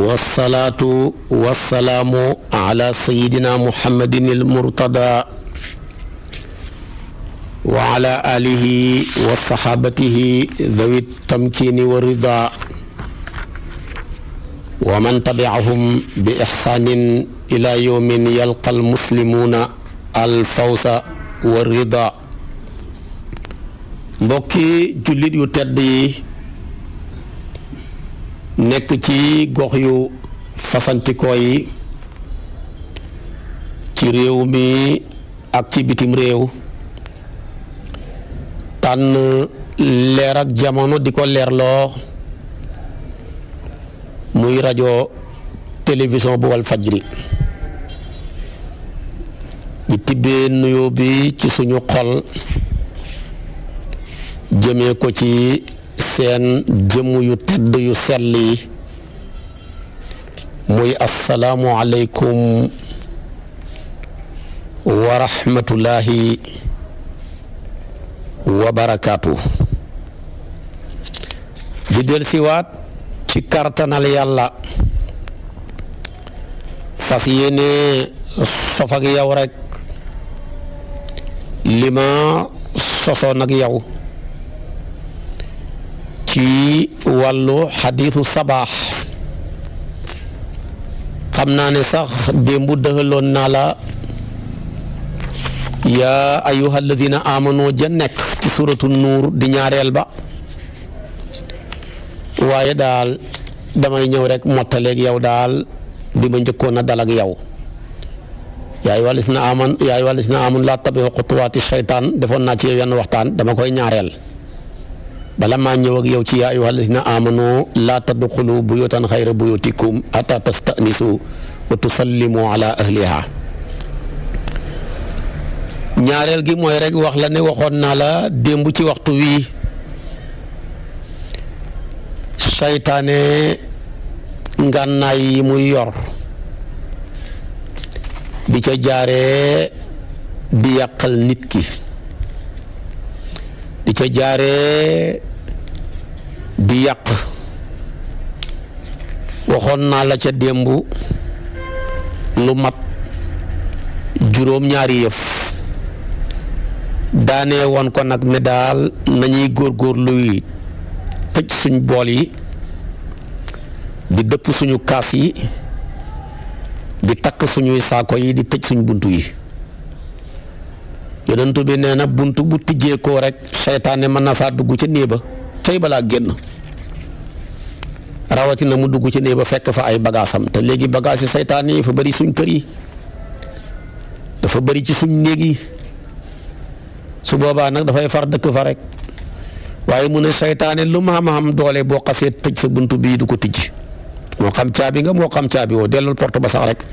والصلاة والسلام على سيدنا محمد المرتضى وعلى آله وصحابته ذوي التمكين والرضا ومن تبعهم بإحسان إلى يوم يلقى المسلمون الفوز والرضا بوكي جلد يتدي nekk ci gox yu fasantikoo yi ci réew mi ak ci bitim réew tànn leer ak jamono di ko leerloo muy rajo télévision bu wal fajri ñu tibbee nuyoo bi ci suñu xol jëmee ko ci seen jëmm yu tedd yu sell muy asalaamu aleykum wa rahmatullahi wa barakaatu di del siwaat ci kartanal yàlla fas yéene sof ak yow rek li ma sosoon yow ci wàllu xadiisu sabaax xam naa ne sax démb dëxaloon naa la yaa ayuha alladina amano ja nekk ci suratu nuur di ñaareel ba waaye daal damay ñëw rek mottaleeg yow daal bi ma njëkkoon na dalak ak yow yaa ayyuhal lazina amanu yaa ayyuhal lazina amanu laa tabi'u xutuwaati shaytaan defoon naa ci yenn waxtaan dama koy ñaareel bala maa ñëw yow ci yaa ayyuhal lazina amanu laa tadxulu buyutan xayra buyutikum ata tastanisu wa tusallimu ala ahliha ñaareel gi mooy rek wax la ne waxoon naa la démb ci waxtu wii saytaane ngànnaay yi muy yor di ca jaaree bi yàqal nit ki di ca jaaree di yàq waxoon naa la ca démb lu mat juróom-ñaari yëf daanee woon ko nag ni daal nañuy góorgóorlu yi tëj suñ bool yi di dëpp suñu kaas yi di takk suñuy saako yi di tëj suñ bunt yi yonent bi nee na bunt bu tijjee ko rek seytaane mën na faa dugg ca néeba tey balaa génn na mu dugg ci ne ba fekk fa ay bagasam te legi bagasi yi seytaan yi dafa bari suñ kër yi dafa bari ci suñ néeg yi su nak da fay far dekk fa rek waye mu ne setan lu ma ma am doole bo xasse tëj sa buntu bi du ko tijj mo xam ciabi nga mo xam ciabi wo delul porte ba sax rek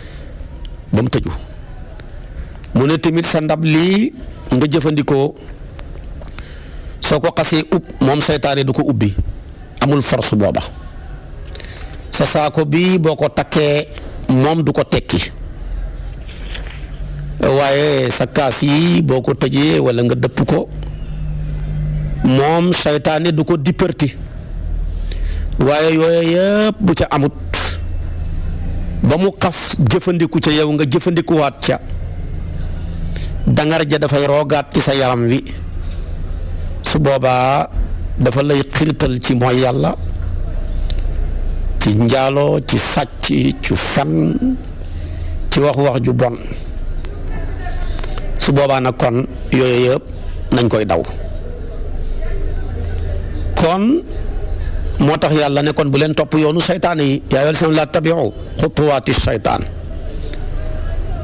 bam mu mu ne timit sa ndab li nga jëfandikoo soko xasse up mom du ko ubbi amul force boba sa saako bi boo ko takkee moom du ko tekki waaye sa kaas yi boo ko tëjee walla nga dëpp ko moom saytaane du ko dipparti waaye yooyu yëpp ca amut ba mu xaf jëfandiku ca yow nga jëfandikuwaat ca dangar ja dafay roogaat ci sa yaram wi su boobaa dafa lay xirtal ci mooy yàlla ci njaalo ci sacc ci fan ci wax wax ju bon su boba na kon yooyu yeb nañ koy daw kon motax yalla ne kon bu len top yoonu shaytan yi ya yalla seen la tabiu khutuwati shaytan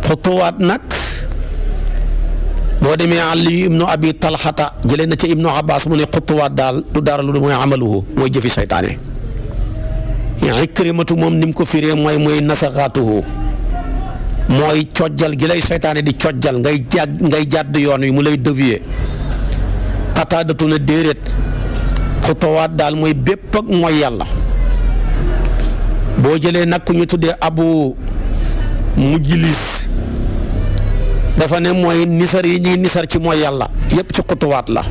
khutuwat nak Ali ibnu Abi talhata jëlee na ci ibnu Abbas mu ne xutuwaat daal du dara lu amaluhu mooy jëfi seytaane ikrimatu mom nim ko firé moy moy nasakhatuhu moy cojjal gi lay seytaane di cojjal ngay jàdd ngay jadd yoon wi mu lay dévier xataadatu na déeréet xutowaat dal moy bépp ak moy yalla bo jélé nak ñu tuddé abu Mujlis, dafa né moy nisar yi ñi nisar ci moy yalla yépp ci xutuwaat la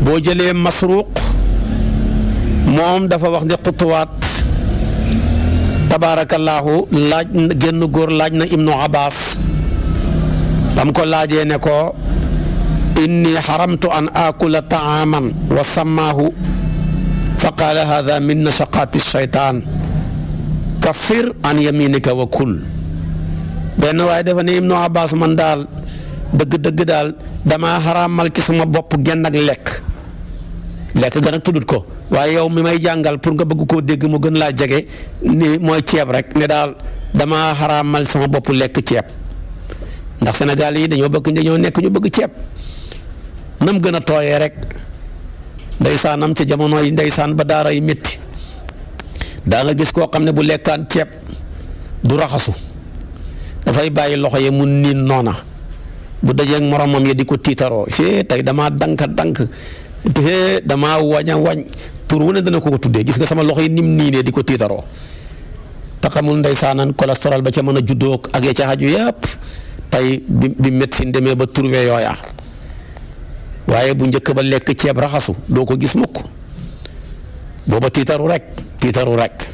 bo jélé masruq mom dafa wax ni تبارك الله لاج ген غور لاجنا ابن عباس بام كو لاجي نكو اني حرمت ان اكل طعاما وسماه فقال هذا من نشقات الشيطان كفر عن يمينك وكل بن واي دفني ابن عباس من دال دغ دغ دال دما حرام مالك سما بوب ген لك لك غنك تودكو waaye yow mi may jàngal pour nga bëgg koo dégg mu gën laa jege ni mooy ceeb rek ne daal dama xaramal sama bopp lekk ceeb ndax senegal yi dañoo bëgg dañoo nekk ñu bëgg ceeb nam gën a tooyee rek ndeysaanam ca jamono yi ndeysaan ba daara yi métti daa nga gis koo xam ne bu lekkaan ceeb du raxasu dafay bàyyi loxo yi mu niin noona bu dajeeg moromam yi di ko tiitaroo si tey dama dank dank te damaa wañ a wañ tur wu ne dana ko ko tuddee gis nga sama loxo yi nim nii ne di ko tiitaroo te xamul ndeysaanan cholestérol ba ca mën a juddoo ak ya ca xaju yëpp tey bi bi médecine demee ba trouvé yooya waaye bu njëkk ba lekk ceeb raxasu doo ko gis mukk booba tiitaru rek tiitaru rekk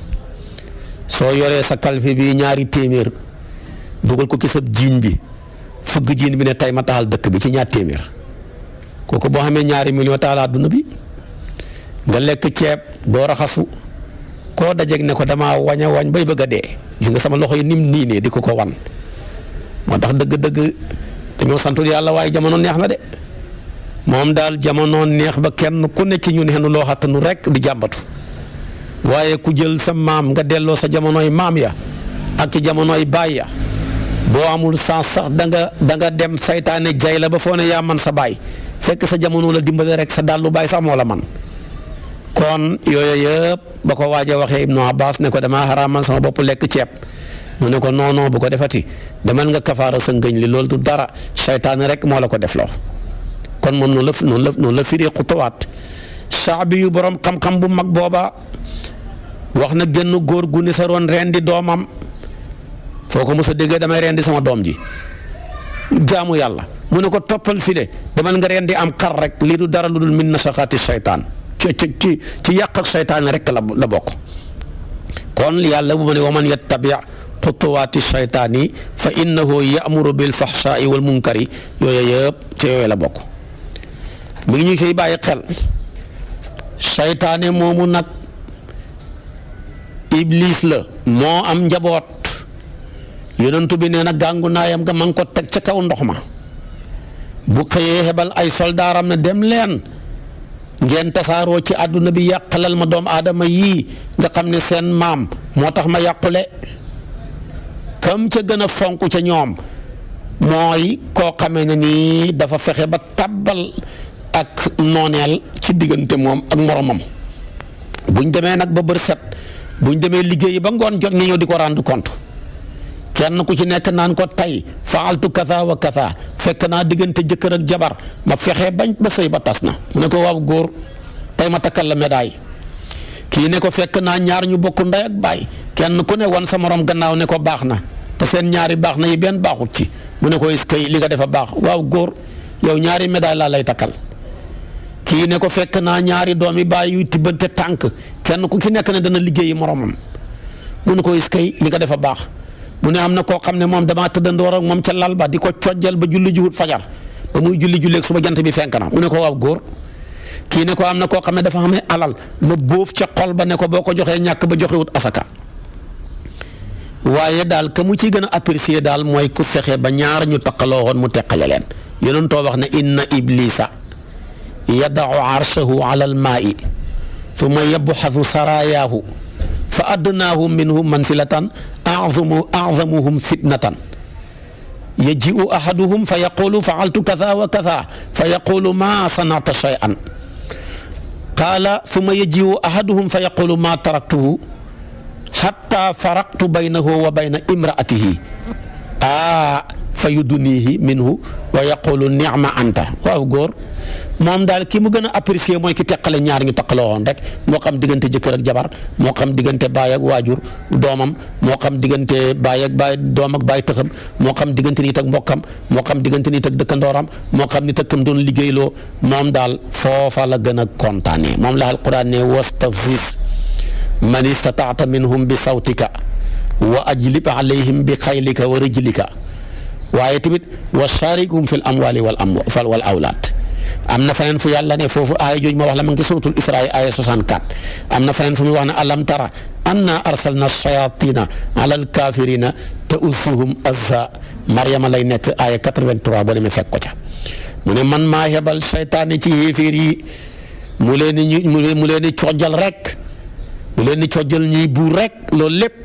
soo yoree sa kalfe bi ñaari téeméer dugal ko ci sa jiin bi fëgg jiin bi ne tey ma taxal dëkk bi ci ñaar téeméer kooku boo xamee ñaari million taxal àdduna bi nga lek ceeb do raxasu ko dajek ne ko dama waña wañ bay bëgg dé gis nga sama loxoy nim ni ne di ko wan mo tax dëgg-dëgg dañoo santul yalla way jamono neex na dé mom dal jamono neex ba kenn ku nekk ñu neenu rek di jambatu waye ku jël sa mam nga delloo sa jamonoy mam ya ak ci jamonoy baay ya bo amul sens sax da nga da nga dem saytane jay la ba fo ne ya man sa baay fekk sa jamono la dimbale rek sa dalu baay sa mo la man kon yooyu yëpp ba ko waaj a waxee Ibnu Abbas ne ko damaa xaraamal sama bopp lekk ceeb mu ne ko noonoo bu ko defati demal nga kafaara sa ngëñ li loolu du dara seytaane rek moo la ko def loo kon moom noonu la noonu la fi la firi xutuwaat saabi yu borom xam-xam bu mag booba wax na génn góor gu ni sa roon di doomam foo ko mos a déggee damay rendi sama doom ji jaamu yàlla mu ne ko toppal file demal nga rendi am xar rek lii du dara lu dul min nasaxaati seytaan ci ci ci yàq ak saytaane rek la la bokk kon yàlla mu ne wa man yattabi' xutuwaati saytaani fa innahu ya'muru bil fahsaa'i wal munkari yooyu yëpp ci yooyu la bokk mu ngi ñu ciy bàyyi xel saytaane moomu nag iblis la moo am njaboot yonentu bi nee na gàngu naayam nga man ko teg ca kaw ndox ma bu xëyee xebal ay soldaaram ne dem leen ngeen tasaaroo ci àdduna bi yàqalal ma doomu aadama yii nga xam ne seen maam moo tax ma yàqule kam ca gën a fonk ca ñoom mooy koo xamee ne nii dafa fexe ba tàbbal ak nooneel ci diggante moom ak moromam buñ demee nag ba bër set buñ demee liggéey yi ba ngoon jot nga ñëw di ko rend compte kenn ku ci nekk naan ko tey faaltu kasa kasaa kasa fekk naa diggante jëkkër ak jabar ma fexe bañ ba sëy ba tas na mu ne ko waaw góor tey ma takkal la médaille kii ne ko fekk naa ñaar bokk ndey baay kenn ku ne sa morom gannaaw ne ko baax na te seen ñaari baax na yi benn baaxut ci mu ne ko is ce li nga defa baax waaw góor yow ñaari médaille laa lay takkal kii ne ko fekk naa ñaari doom yi baay yuy tibbante tànk kenn ku ci nekk ne dana liggéeyi moromam mu ne ko est-ce que li nga defa baax. mune amna ko xamne mom dama ne moom tëddandoor ak mom ca lal ba diko ko cojjal ba julli juut fajar ba muy julli julleeg suba jant bi fenk na mune ko wa gor ki ne ko amna ko xamne dafa xamne alal ma bóof ca xol ba ne ko boko joxe ñak ba joxe wut asaka waye dal ka mu ci gëna apprécier dal moy ku fexe ba ñaar ñu takalo won mu tekkale len leen to wax ne inna iblisa yad'u arshahu ala al-ma'i thumma yabxasu sarayahu فأدناهم منهم منزلة أعظم أعظمهم فتنة يجيء أحدهم فيقول فعلت كذا وكذا فيقول ما صنعت شيئا قال ثم يجيء أحدهم فيقول ما تركته حتى فرقت بينه وبين امرأته ah fa yudunihi minhu wa yaqulu ni'ma anta waaw góor moom daal ki mu gën a apprécier mooy ki teqale ñaar ñu taqale woon rek moo xam diggante jëkkër ak jabar moo xam diggante baay ak waajur doomam moo xam diggante baay ak baay doom ak baay tëxam moo xam diggante nit tak mbokkam moo xam diggante nit ak dëkkandooram moo xam nit ak kam doon liggéeyloo moom daal foofa la gën a kontaanee moom la alquran ne wastafzis man istataata minhum bi sawtika wa ajlib alayhim bi xaylika wa rijlika waaye tamit wa sharikum fi l amwali wal am wal awlaad am na feneen fu yàlla ne foofu aaya jooju ma wax la ma ngi ci suuratul Israa aaya 64 am na feneen fu muy wax ne alam tara anna arsalna shayatina ala al kafirina ta'usuhum azza Maryama lay nekk aaya 83 boo demee fekk ko ca mu ne man maa yebal seytaane ci xéeféer yi mu leen di ñu mu leen di coojal rek mu leen di coojal ñuy buur rek loolu lépp.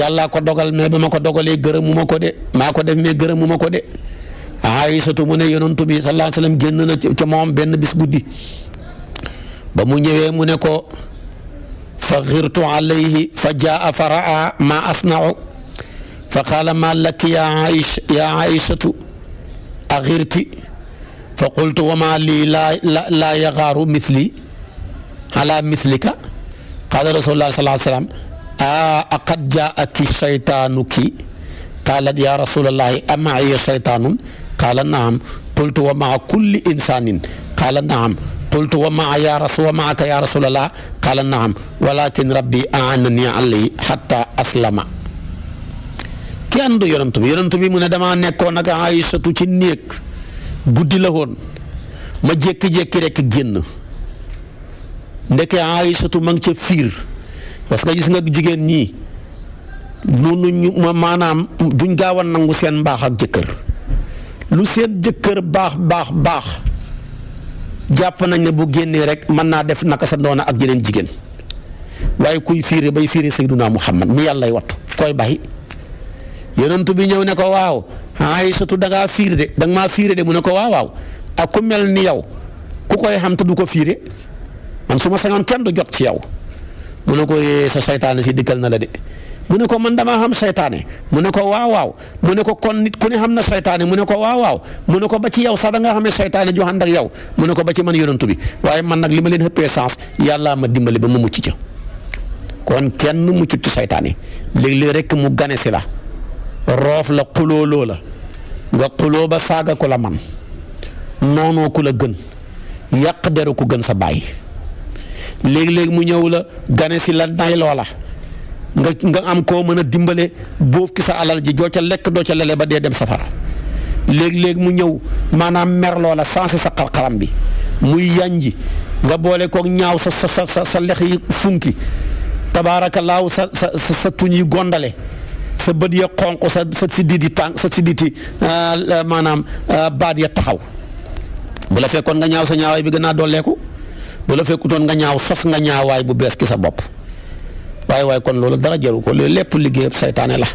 yàllaa ko dogal mais ba ma ko dogalee gërëmu ma ko de maa ko def mais gërëmu ma ko de Aysatu mu ne yonantu bi sallallahu alayhi wasallam génn na ca moom benn bis guddi ba mu ñëwee mu ne ko fa xirtu alayhi fa jaa fa raa ma asnau fa qaala ma laki ya aïch ya aïchatu a xirti fa qultu wa ma lii laa laa yaxaaru misli ala mislika qaala rasulullah sallallahu alayhi wasallam a ah, aqad jaati shaytaanuki qaalat ya rasulallahi amaiya shaytaanun qaala naam qultu wa maa kulli insanin qaala naam qultu wa maa ya ras wa maaka ya rasulallah qaala naam walakin rabbi aanani alayhi xatta aslama ki àndu yonent bi yonent bi mu ne damaa nekkoon ak Aysatu ci néeg guddi la woon ma jékki-jékki rek génn ndeke Aysatu ma ngi ca fiir parce que gis nga jigéen nii ñii mënuñu maanaam duñ gaaw nangu seen mbaax ak jëkkër lu seen jëkkër baax baax baax jàpp nañ ne bu génnee rek mën naa def naka sa doona ak jeneen jigéen waaye kuy fiire bay fiire Seydunaa Muhammad mi yàllay wattu koy bàyyi yonent bi ñëw ne ko waaw Aysatu da ngaa fiire da nga maa fiire de mu ne ko waaw waaw ak ku mel ni yow ku koy xam te du ko fiire man su ma sañoon kenn du jot ci yow mu ne ko yee eh, sa saytaane si dikkal na la de mu ne ko man damaa xam seytaane mu ne ko waaw waaw mu ne ko kon nit ku ne xam na seytaane mu ne ko waaw waaw mu ne ko ba ci yow sax da nga xamee saytaane ju ànd ak yow mu ne ko ba ci man yonantu bi waaye man nag li ma leen xëppee sens yàllaa ma dimbali ba ma mucc ca kon kenn muccut ci seytaane léeg-léeg rek mu gane si la roof la xuloo loo la nga xuloo ba saaga ku la man noonoo ku la gën yàq deru ku gën sa bàyyi. léegi léeg mu ñëw la gane si la nay loola nga nga am koo mën a dimbale boof ki sa alal ji doo ca lekk doo ca lele ba dee dem safara léegi léeg mu ñëw maanaam mer la sensé sa xarxaram bi muy yanji nga boole kook ñaaw sa sa sa sa lex yi funki laaw sa sa sa tuñ yi gondale sa bët ya xonq sa sa siddiiti tànk sa siddiiti ah, maanaam ah, baat ya taxaw bu la fekkoon nga ñaaw sa ñaawaay bi gën a dolleeku bu la fekkuton nga ñaaw sos nga ñaaway bu bes ki sa bop way way kon lolu dara jaru ko loolu lépp liggéeyab saytaane la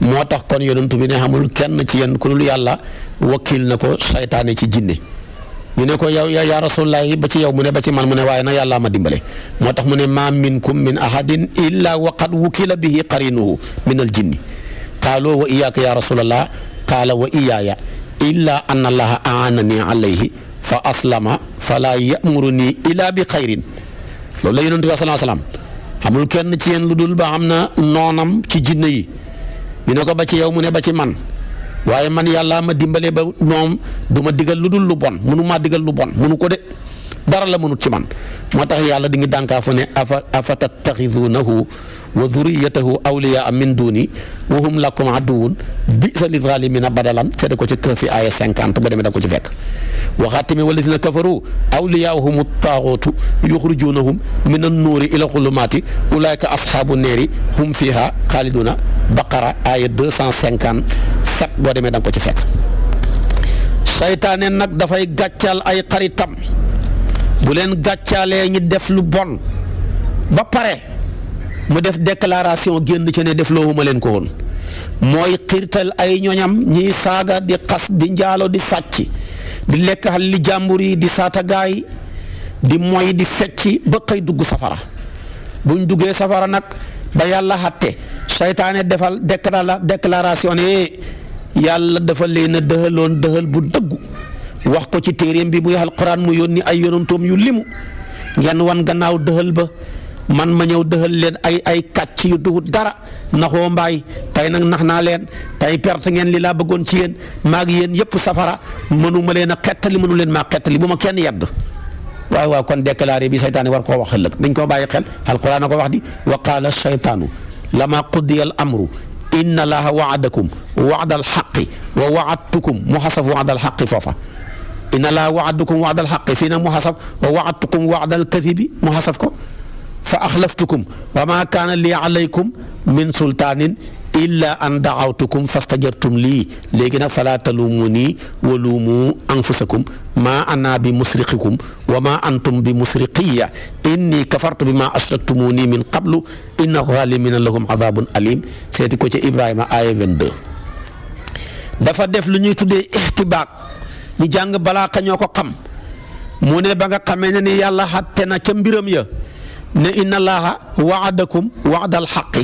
motax kon yonent bi ne xamul kenn ci yéen ku dul yàlla wakil nako ko ci jinne ñu ne ko yaw ya rasulullahi ba ci yaw mu ne ba ci man mu ne way na yalla ma dimbale motax mu ne ma minkum min ahadin illa wa qad wukila bihi qarinuhu min al jinni qalu wa iyyaka ya rasulallah qala wa iyaaya illa anna allaha aanani alayhi فاسلم فلا يامرني الا بخير لولا يونس عليه الصلاه والسلام امول كين تي ين لودول با امنا نونام تي جيني ني نكو با تي يوم ني با تي مان واي مان يالا ما ديمبالي با نوم دوما ديغال لودول لو بون مونو ما ديغال لو بون منو كو دي دارا لا منو تي مان موتاخ يالا ديغي دانكا فني افا تتخذونه وذريته أولياء من دوني وهم لكم عدو بئس للظالمين بدلا سيدكو تي كفي آية 50 بدا مدكو تي فك وخاتم والذين كفروا أولياءهم الطاغوت يخرجونهم من النور إلى الظلمات أولئك أصحاب النار هم فيها خالدون بقرة آية 250 257 بدا مدكو تي فك شيطان nag دا فاي ay اي bu بولين gàccaalee ني ديف لو بون ba pare mu def declaration génn ci ne def loowuma leen ko woon mooy xiirtal ay ñoñam ñiy saaga di xas di njaalo di sàcc di lekk xal li jàmbur yi di saatagaay di moy di fecc ba xëy dugg safara buñ duggee safara nag ba yàlla xatte seytaane defal décla déclaration ne yàlla dafa leen a dëhaloon dëhal bu dëggu wax ko ci téeréem bi muy alquran mu yoon ni ay yonantoom yu limu ngeen wan gannaaw dëhal ba man ma ñëw dëxal leen ay ay kàcc yu duhut dara naxoo mbaay tey nag nax naa leen tey perte ngeen li laa bëggoon ci yéen maa ngi yéen yëpp safara mënu ma leen a xettali mënu leen maa xettali bu ma kenn yedd waaw waa kon déclaré bi saytaane war koo wax ëllëg dañ koo bàyyi xel alquran a ko wax di wa qaala saytaanu lama qudiya al amru inna allaha waadakum waada alxaqi wa waadtukum mu xasaf waada alxaqi foofa inna allaha waadakum waada alxaqi fii nag mu xasaf wa waadtukum waada alkadibi mu xasaf ko fa axlaftukum wa maa kaana lii alaykum min sultaanin illa an daawtukum fastajartum lii léegi nag falaa taluumunii wa luumuu anfusakum maa ana bi musriqikum wa maa antum bi musriqiya inni kafartu bi maa ashraktumuunii min qablu inna zaalimiina lahum azaabun aliim seeti ko ci Ibrahima aaya 22 dafa def lu ñuy tuddee ixtibaaq ñu jàng balaa ka ñoo ko xam mu ne ba nga xamee ne ni yàlla xatte na ca mbiram ya ان الله وعدكم وعد الحق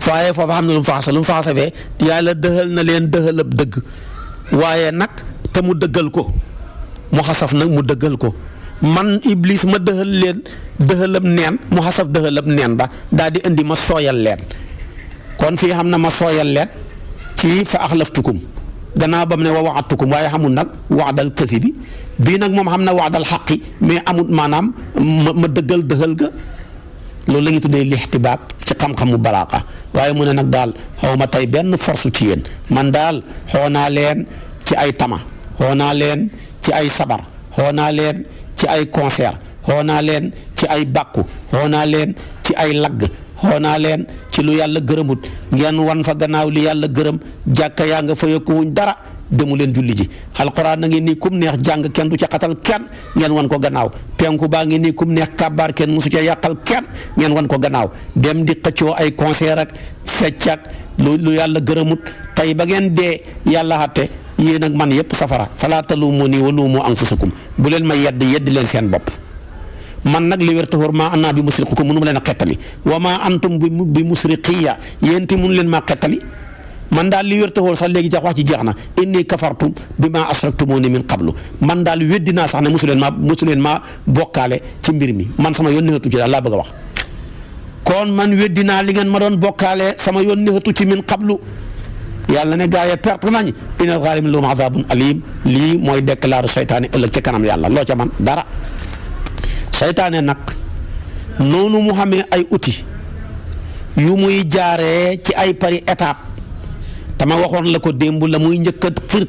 فاي فهمنا المفاصل المفاصل في يالا دهلنا لين دهل بدغ واي نك تمو دغلكو مخصف نك مو دغلكو من ابليس ما دهل لين دهلم نين مخصف دهلم نين با دادي اندي ما سويال لين كون في حمنا ما سويال لين تي فاخلفتكم فا gannaaw ba mu ne wa waxatukum waaye xamul nag waxdal kësi bi bii nag moom xam na waxdal xaqi mais amut maanaam ma dëggal dëxal ga loolu la ñuy tuddee lixtibaat ci xam-xamu balaaqa waaye mu ne nag daal xaw ma tey benn force ci yéen man daal xoo naa leen ci ay tama xoo naa leen ci ay sabar xoo naa leen ci ay concert xoo naa leen ci ay bàkku xoo naa leen ci ay lagg xoonaa leen ci lu yàlla gërëmut ngeen wan fa gannaaw li yàlla gërëm jàkka yaa nga fa yokku wuñ dara demu leen julli ji alquran na ngeen nii kum neex jàng kenn du ca xatal kenn ngeen wan ko gannaaw penku baa ngi nii kum neex kàbbaar kenn musu ca yàqal kenn ngeen wan ko gannaaw dem di xëccoo ay concert ak fecc lu lu yàlla gërëmut tey ba ngeen dee yàlla xatte yéen ak man yépp safara falaa taluumu nii wa luumu anfusakum bu leen ma yedd yeddi leen seen bopp man nag li wér taxóor maa annaa bi musriqukum mënu ma leen a xettali wa maa antum bi bi musriqiya yéenti mënu leen maa xettali man daal li wér taxóor sax léegi jax wax ci jeex na inni kafartu bi maa asraktumuni min qablu man daal weddi sax ne mosu leen maa mosu leen maa bokkaale ci mbir mi man sama yoon nexatu ci daal laa bëgg a wax kon man weddi naa li ngeen ma doon bokkaale sama yoon nexatu ci min qablu yàlla ne gaa yi perte nañ inal xaalimin lahum azabun alim lii mooy déclare seytaane ëllëg ci kanam yàlla loo ca man dara seytaane nag noonu mu xamee ay outil yu muy jaaree ci ay pari étape dama waxoon la ko démb la muy njëkk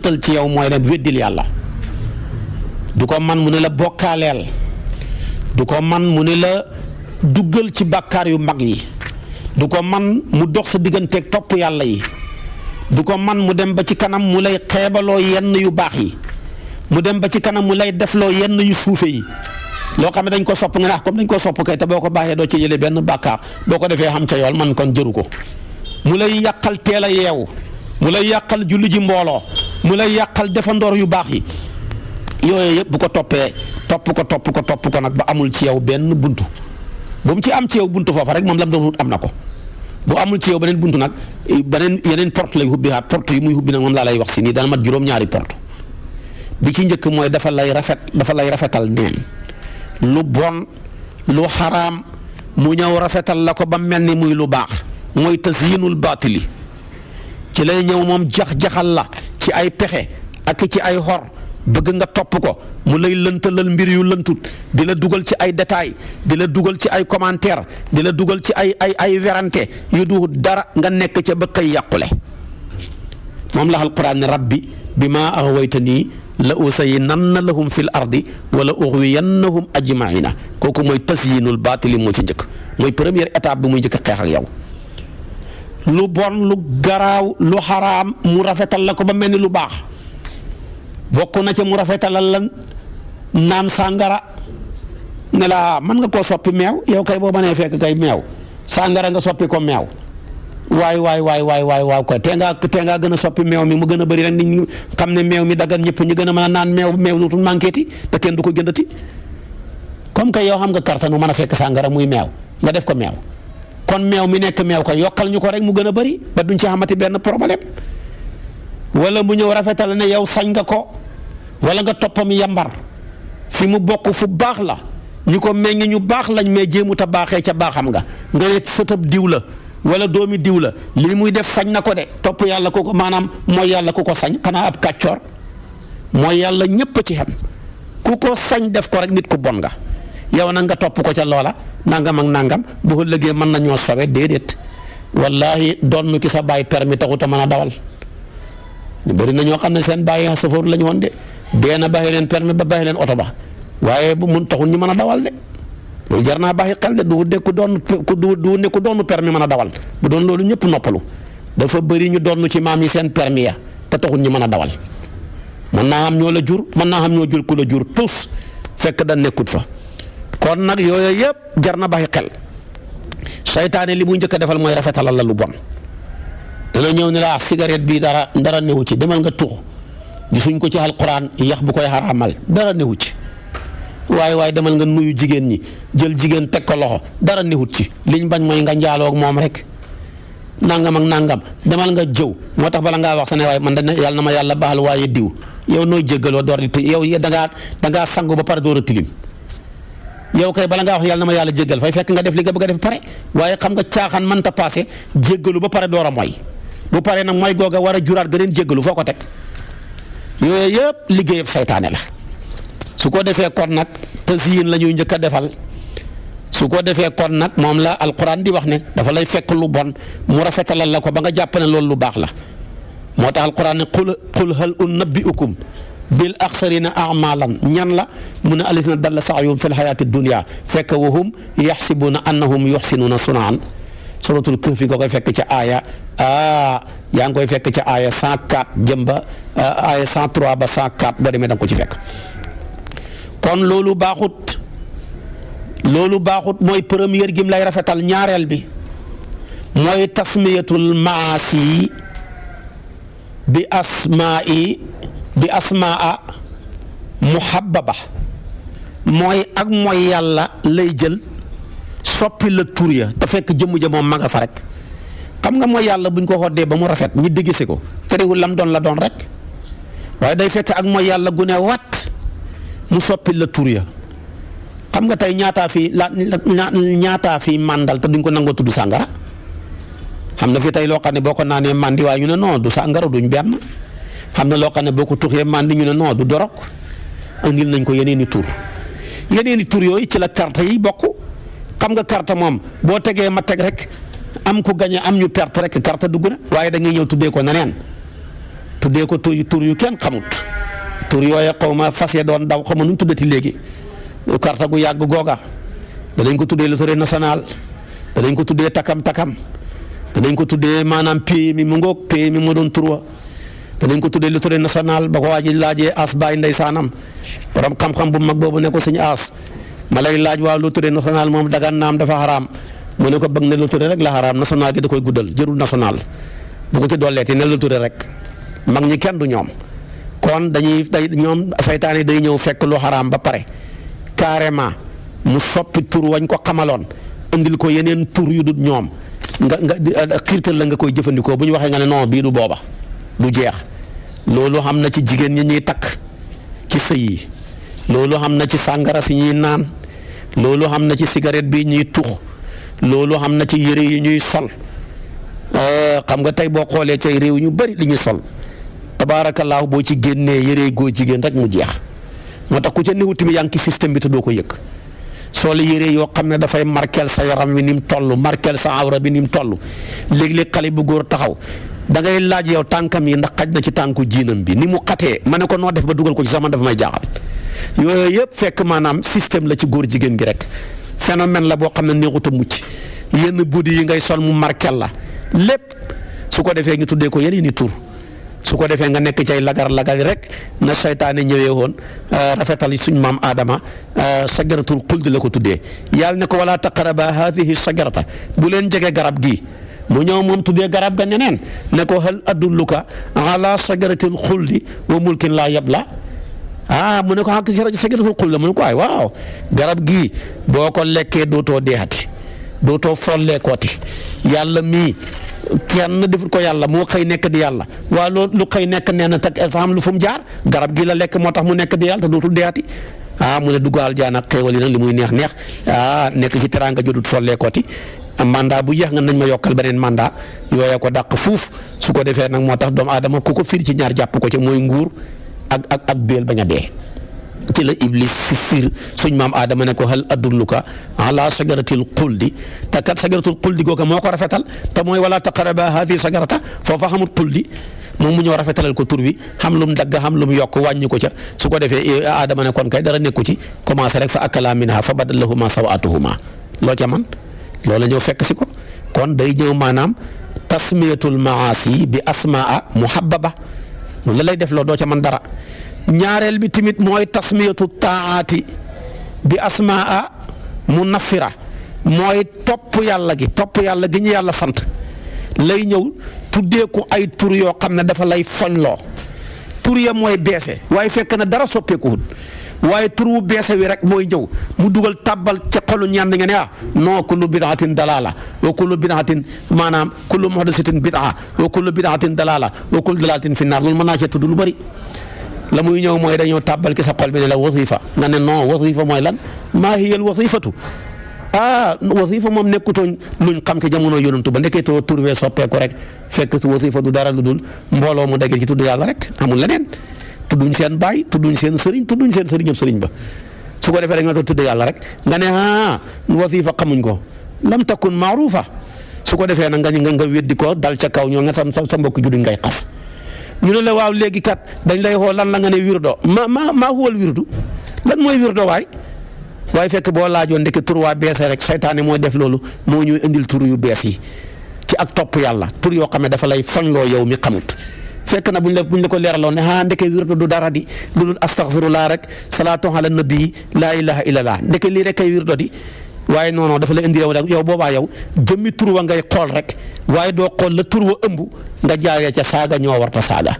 a ci yow mooy rek weddil yàlla du ko man mu ne la bokkaaleel du ko man mu ne la duggal ci bàkkaar yu mag yi du ko man mu dox sa digganteek topp yàlla yi du ko man mu dem ba ci kanam mu lay xeebaloo yenn yu baax yi mu dem ba ci kanam mu lay defloo yenn yu fuufe yi lo xamé dañ ko sopp nga ah, comme dañ ko sopp kay té boko ko do ci jëlé benn bakkar boko défé xam ca yool man kon jëru ko mu lay yakal teel a yeewu mu lay yakal julli ji mbolo mu lay yu baax yi yoyé yépp bu ko topé top ko top ko top ko nak ba amul ci yow benn buntu bu mu ci am ci yow buntu fofu rek mom lam do am nako bu amul ci yow benen buntu nak benen yenen porte lay hubbi ha porte yi muy hubbi nak mom la lay wax ci ni dana mat juroom ñaari porte bi ci moy dafa lay rafet dafa lay rafetal neen lu bon lu xaraam mu ñëw rafetal la ko ba mel ni muy lu baax mooy tasyinul baatili ci lay ñëw moom jax-jaxal la ci ay pexe ak ci ay xor bëgg nga topp ko mu lay lëntalal mbir yu lëntut di la dugal ci ay détails di la dugal ci ay commentaire di la dugal ci ay ay ay werante yu du dara nga nekk ca ba kay yàqule moom la alquran rabbi bi maa axwaytanii لا لأسينن لهم في الأرض ولا ولأغوينهم أجمعين كوكو موي تسيين الباطل مو تي نك موي بروميير ايتاب بي موي نك خيخ ياو لو بون لو غراو لو حرام مو رافيتال لاكو با ملني لو باخ بوكو نا مو رافيتال لان نان سانغارا نلا من نكو سوبي ميو ياو كاي بو بني فيك كاي ميو سانغارا nga soppi ko ميو waay waay waay waay waay waaw ko te ngaa te gën a soppi meew mi mu gën a bëri rek nit ñi xam ne meew mi dagan ñëpp ñu gën a mën a naan meew meew luutul manquéti te kenn du ko jëndati comme que yow xam nga kartanu mën a fekk sàngara muy meew nga def ko meew kon meew mi nekk meew ko yokkal ñu ko rek mu gën a bëri ba duñ ci amati benn problème wala mu ñëw rafetal ne yow sañ nga ko wala nga toppam yambar fi mu bokk fu baax la ñu ko meññ ñu baax lañ mais jéemu ta baaxee ca baaxam nga nga ne sëtëb diw la wala doomi diw la lii muy def sañ na ko de topp yàlla ku ko maanaam mooy yàlla ku ko sañ xanaa ab kàccoor mooy yàlla ñëpp ci xem ku ko sañ def ko rek nit ku bon nga yow nag nga topp ko ca loola nangam ak nangam bu ëllëgee mën nañoo sowe déedéet wallaahi doon ki sa baay permis taxut a mën a dawal ñu bëri na ñoo xam ne seen baay yi safoor lañu woon de dee na bàyyi leen permis ba bàyyi leen oto ba waaye bu mun taxul ñu mën a dawal de. loolu jar naa baxi xel de du de doon ku du du ne ku doonu permis mën a dawal bu doon loolu ñëpp noppalu dafa bari ñu doon lu ci maam yi seen permis ya te taxul ñu mën a dawal mën naa am ñoo la jur mën naa xam ñoo jur ku la jur tous fekk da nekkut fa kon nag yooyu yëpp jar na baxi xel seytaane li muy njëkk defal mooy rafetalal la lu bon dana ñëw ne la ah, cigarette bii dara ndara newu ci demal nga tuux gisuñ ko ci alquran yax bu koy xaraamal dara newu ci. waay waay demal nga nuyu jigen ni jël jigen tek ko loxo dara newut ci liñ bañ moy nga ndialo ak mom rek nangam ak nangam demal nga jëw motax bala nga wax sa ne waay man dañ yàlla na ma yàlla baal waaye diw yow noy jéggelo door di yow da nga da nga sangu ba par door a tilim yow kay bala nga wax yalla nama yalla jéggel fay fekk nga def li nga bëgg def paré waaye xam nga man ta passé jéggelu ba paré door a bu paré nak moy goga wara jurat jéggelu foko tek yoy yëp liggéey la su ko defee kon nag tasiin la ñuy njëkk a defal su ko defee kon nag moom la alquran di wax ne dafa lay fekk lu bon mu rafetalal la ko ba nga jàpp ne loolu lu baax la moo tax alquran ne qul qul hal unabbiukum bil axsarina amalan ñan la mu ne alisina dalla saayum fi lxayaati dunia fekk wahum yaxsibuuna annahum yuxsinuuna sunaan suratul kahfi nga koy fekk ca aaya ah yaa ngi koy fekk ca aaya 104 jëm ba aaya 103 ba 104 boo demee da nga ko ci fekk kon loolu baaxut loolu baaxut mooy première gim lay rafetal ñaareel bi mooy tasmiyatul maasi bi asmaai bi asmaa muhabbaba mooy ak mooy yàlla lay jël soppi la tur ya te fekk jëmm ja moom ma nga fa rek xam nga mooy yàlla buñ ko xoddee ba mu rafet ñi déggisi ko terewul lam doon la doon rek waaye day fekk ak mooy yàlla gu wat mu soppi la tur ya xam nga tey ñaataa fi la ñaataa fi màndal te duñ ko nangoo tudd sàngara xam na fi tey loo xam ne boo ko naanee màndi waaye ñu ne non du sàngara duñ benn xam na loo xam ne boo ko tuxee màndi ñu ne non du dorog indil nañ ko yeneen i tur yeneen i tur yooyu ci la carte yi bokk xam nga carte moom boo tegee ma teg rek am ku gañe am ñu perte rek carte dugg na waaye da ngay ñëw tuddee ko naneen tuddee ko tur yu tur yu kenn xamut. tur yoy ak ma fas ya don daw xaw ma tuddati legi carte gu goga da lañ ko tuddé loterie nationale lañ ko tuddé takam takam lañ ko tuddé manam pays mi mu ngok pays mi moo doon tur wa danañ ko tuddé loterie nationale ba ko waa as bàyyi ndeysaanam param xam-xam bu mag bobu ne ko señ as malay laaj waa nationale mom dagan naam dafa haram, mu ne ko bëgn na loterie rek la haram nationale gi da koy guddal jërul nationale bu ko ci dolleeti ne loterie rek mag ñi kenn du ñom kon dañuy day ñoom saytaan yi day ñëw fekk lu xaraam ba pare carrément mu soppi tur wañ ko xamaloon indil ko yeneen tur yu dul ñoom nga nga euh, xiirtal la nga koy jëfandikoo bu ñu waxee nga ne non bii du booba du jeex loolu xam na ci jigéen ñi ñuy takk ci sëy yi loolu xam na ci sàngara si ñuy naan loolu xam na ci cigarette bi ñuy tux loolu xam na ci yëre yi ñuy sol euh, xam nga tey boo xoolee ci réew ñu bari li ñuy sol tabaarakallaahu boo ci génnee yëree góor jigéen rek mu jeex moo tax ku ci néew tamit yaa système bi te doo ko yëg soo la yoo xam ne dafay markel sa yaram wi ni mu toll markel sa awra bi ni mu toll léeg-léeg xale bu góor taxaw da ngay laaj yow tànkam yi ndax xaj na ci tànku jiinam bi ni mu xatee ma ne ko noo def ba dugal ko ci sama dafa may jaaxal yooyu yëpp fekk maanaam système la ci góor jigéen gi rek phénomène la boo xam ne néexut a mucc yenn buddi yi ngay sol mu markel la lépp su ko defee ngi tuddee ko yeneen i tur. su ko defee nga nekk cay lagar-lagar rek na seytaane ñëwee woon euh, rafetal suñ maam Adama euh, sajaratul xuld la ko tuddee yàlla ne ko wala baa haadihi sajarata bu leen jege garab gii mu ñëw moom tuddee garab ga neneen ne ko hal adulluka ala sajaratil xuldi wa mulkin laa yabla ah mu ne ko ak sajaratul xuldi mu ne ko ay waaw garab gii boo ko lekkee dootoo deexati dootoo folleekooti yàlla mii kenn defut ko yàlla moo xëy nekk di yàlla waaw lu xëy nekk nee na teg dafa am lu fu mu jaar garab gi la lekk moo tax mu nekk di yàlla te dootul deeati ah mu ne dugg aljana ak xéewal yi nag li muy neex neex ah nekk ci teraanga jodut folleekooti mandat bu yeex nga nañ ma yokkal beneen mandat yooya ko dàq fuuf su ko defee nag moo tax doomu aadama ku ko fiir ci ñaar jàpp ko ci mooy nguur ak ak ak béel bañ a dee ci la iblis fi fiir suñ maam aadama ne ko hal adulluka ala sagaratil xuldi te kat sagaratul xuldi googa moo ko rafetal te mooy wala taqaraba haadi sagarata foofa xamul xuldi moom mu ñëw rafetalal ko tur bi xam lu mu dagg xam lu mu yokk wàññi ca su ko defee eh, aadama ne kon kay dara nekku ci commencé rek fa akala minha fa badal lahuma sawaatuhuma loo ca man loola ñëw fekk si ko kon day ñëw maanaam tasmiyatul maasi bi asmaa muhabbaba la lay def loo doo ca man dara ñaareel bi tamit mooy tasmiyatu taaati bi asmaa mu nafira mooy topp yàlla gi topp yàlla gi ñu yàlla sant lay ñëw tuddee ay tur yoo xam ne dafa lay foñloo tur ya mooy beese waaye fekk na dara soppeekuwut waaye tur wu beese wi rek mooy ñëw mu dugal tàbbal ca xolu ñaan nga ne ah non kullu bidaatin dalaala wa kullu bidaatin maanaam kullu muhdasatin bidaa wa kullu bidaatin dalaala wa kullu dalaalatin fi naar loolu mën naa cee tudd lu bari la muy ñëw mooy dañoo tàbbal ki sa xol bi ne la wasifa nga ne non wasifa mooy lan maa hiyal wasifatu ah wasifa moom nekkutoon luñ xam ke jamono yonantu ba ndekketoo turwee soppeeku rek fekk su wasifa du dara lu dul mbooloo mu degg ci tudd yàlla rek amul leneen tudduñ seen baay tudduñ seen sëriñ tudduñ seen sëriñam sëriñ ba su ko defee dañoo doon tudd yàlla rek nga ne ah wasifa xamuñ ko lam takun maarufa su ko defee na nga nga weddi ko dal ca kaw ñoo nga sam sa mbokk judduñ ngay xas ñu ne la waaw léegi kat dañ lay xool lan la nga ne wirdo ma ma maa huwal wirdu lan mooy wirdo waay waaye fekk boo laajoon ndeke tur beese rek seytaane mooy def loolu moo ñuy indil tur yu bees yi ci ak topp yàlla tur yoo xam ne dafa lay foñloo yow mi xamut. fekk na buñ la buñ la ko leeraloon ne ah ndeke wirdu du dara di lu dul astaghfirullah rek salaatu la nabi laa ilaha illallah ndeke lii rek kay wirdo di. waaye non dafa la indi yow rek yow boobaa yow jëmmi tur wa ngay xool rek waaye doo xool la tur wa ëmb nga jaaree ca saaga ñoo warta saaga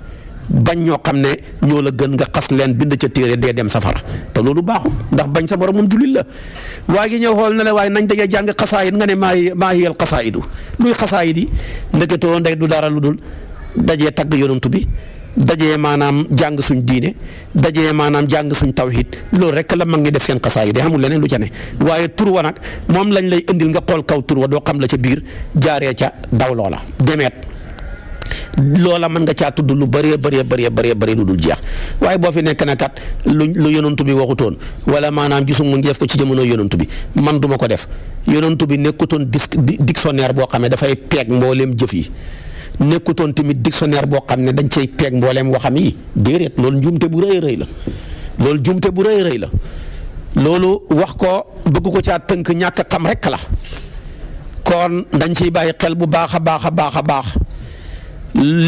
bañ ñoo xam ne ñoo la gën nga xas leen bind ca téere dee dem safara te loolu baaxul ndax bañ sa borom moom jullit la waa gi ñëw xool na la waaye nañ dajee jàng xasaayid nga ne maa maa yiyal xasaayidu luy xasaayid yi ndeketoo ndey du dara lu dul dajee tagg yonantu bi dajee maanaam jàng suñ diine dajee maanaam jàng suñ taw tawhid loolu rek la mag ngi def seen xasaay de xamul leneen lu ca ne waaye tur wa nag moom lañ lay indil nga xool kaw tur wa doo xam la ca biir jaaree ca daw loola demeet loola mën nga caa tudd lu bëree bëree bëree bëree bëri lu dul jeex waaye boo fi nekk na kat lu lu yonantu bi waxutoon wala maanaam gisu mu ngi def ko ci jamono yonantu bi man duma ko def yonantu bi nekkutoon dictionnaire boo xam ne dafay peeg mbooleem jëf yi. nekkutoon tamit dictionnaire boo xam ne dañ cay peeg mbooleem waxam yi déedéet loolu njuumte bu rëy rëy la loolu njuumte bu rëy rëy la loolu wax ko bëgg ko caa tënk ñàkk xam rek la kon dañ ciy bàyyi xel bu baax a baax a baax a baax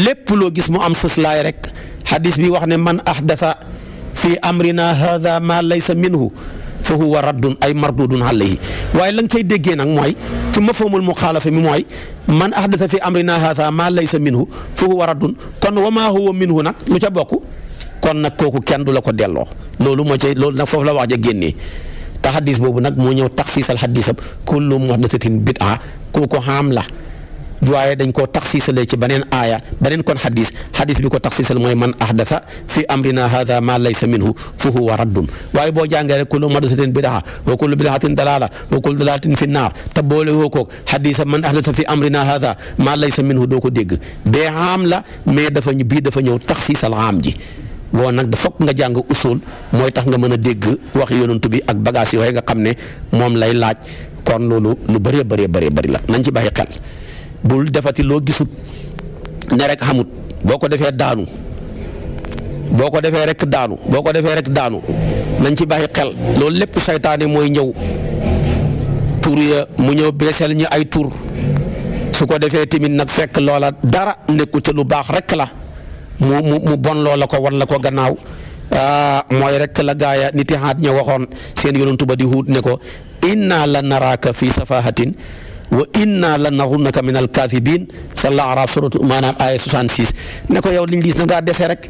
lépp loo gis mu am sëslaay rek xadis bi wax ne man ahdatha fi amrina hadha ma laysa minhu fa huwa raddun ay mardudun alayhi waaye la nga cay déggee nag mooy ci mafhumul muxaalafa mi mooy man ahdasa fi amrina haasa maa laysa minhu fa huwa raddun kon wa maa huwa minhu nag lu ca bokk kon nag kooku kenn du la ko delloo loolu moo cay loolu nag foofu la wax ja génnee te xadis boobu nag moo ñëw tax taxsiisal xadisam kullu bit bid'a kooku xaam la. waaye dañ koo taxsiisale ci beneen aaya beneen kon xadis xadis bi ko taxsiisal mooy man ahdasa fi amrina hada ma laysa minhu fa huwa raddun waaye boo jàngee rek kullu madusatin bidaha wa kullu bidahatin dalala wa kullu dalalatin fi naar te boole woo koog xadisa man ahdasa fi amrina hada ma laysa minhu doo ko dégg bee aam la mais dafa ñu bii dafa ñëw taxsiisal aam ji woo nag da fokk nga jàng usul mooy tax nga mën a dégg wax yonantu bi ak bagage yooyu nga xam ne moom lay laaj kon loolu lu bëree bëree bëree bëri la nañ ci bàyyi xel bul defati loo gisut ne rek xamut boo ko defee daanu boo ko defee rek daanu boo ko defee rek daanu nañ ci bàyyi xel loolu lépp saytaane mooy ñëw tur ya mu ñëw beeseel ñi ay tur su ko defee tamit nag fekk loola dara nekku te lu baax rek la mu mu mu bon loola ko wan la ko gannaaw ah, mooy rek la gaaya nit haat ña waxoon seen yonantu ba di huut ne ko naa la naraaka fi safahatin wa inna la naxunnaka min alkathibin salla ara suratu maanaam aya 66 ne ko yow liñ liis na ngaa dese rek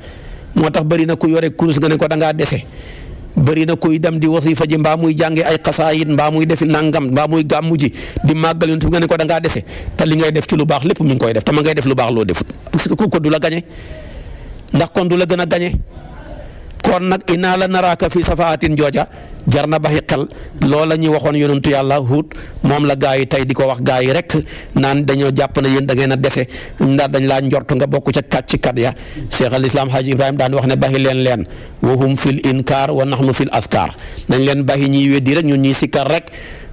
moo tax barina na ku yore kurus nga ne ko da ngaa dese bëri na kuy dem di wasifa ji mbaa muy jànge ay xasaayit mbaa muy defi nangam mbaa muy gàmmu ji di màggal yonent bi nga ne ko da ngaa dese te li ngay def ci lu baax lépp mi ngi koy def te ma ngay def lu baax loo defut parce que ku ko du la gañe ndax kon du la gën a gañe kon nag inaa la naraaka fi safaatin jooja jar na baxi xel loola ñuy waxoon yonentu yàlla Huud moom la gaa yi tey di ko wax gaa yi rek naan dañoo jàpp ne yéen da ngeen a dese ndax dañ laa njort nga bokk ca kat ci kat ya Cheikh al Islam Haji Ibrahim daan wax ne baxi leen leen wahum fil inkaar wa nahnu fil askar nañ leen baxi ñiy weddi rek ñun ñuy sikkar rek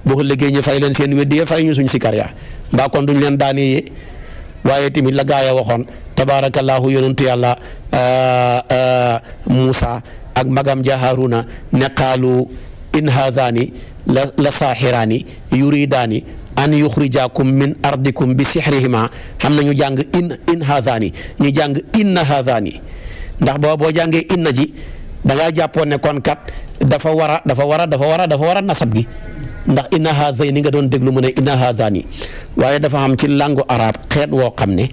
boo liggéey ñu fay leen seen weddi fay ñu suñ sikkar ya mbaa kon duñ leen daani waaye tamit la gaay a waxoon tabaarakallaahu yonentu yàlla euh, euh, Muusa ak magam ja Haaruna ne qaalu in haadaani la la saaxiraani yuridaani an yuxrijaakum min ardikum bi sixrihima xam ñu jàng in in haadaani ñu jàng inna haadaani ndax boo boo jàngee in ji dangay jàppoon ne kon kat dafa war a dafa war a dafa war a dafa war a nasab gi ndax inna haazayni nga doon déglu mu ne inna haazaani waaye dafa xam ci langue arabe xeet woo xam ne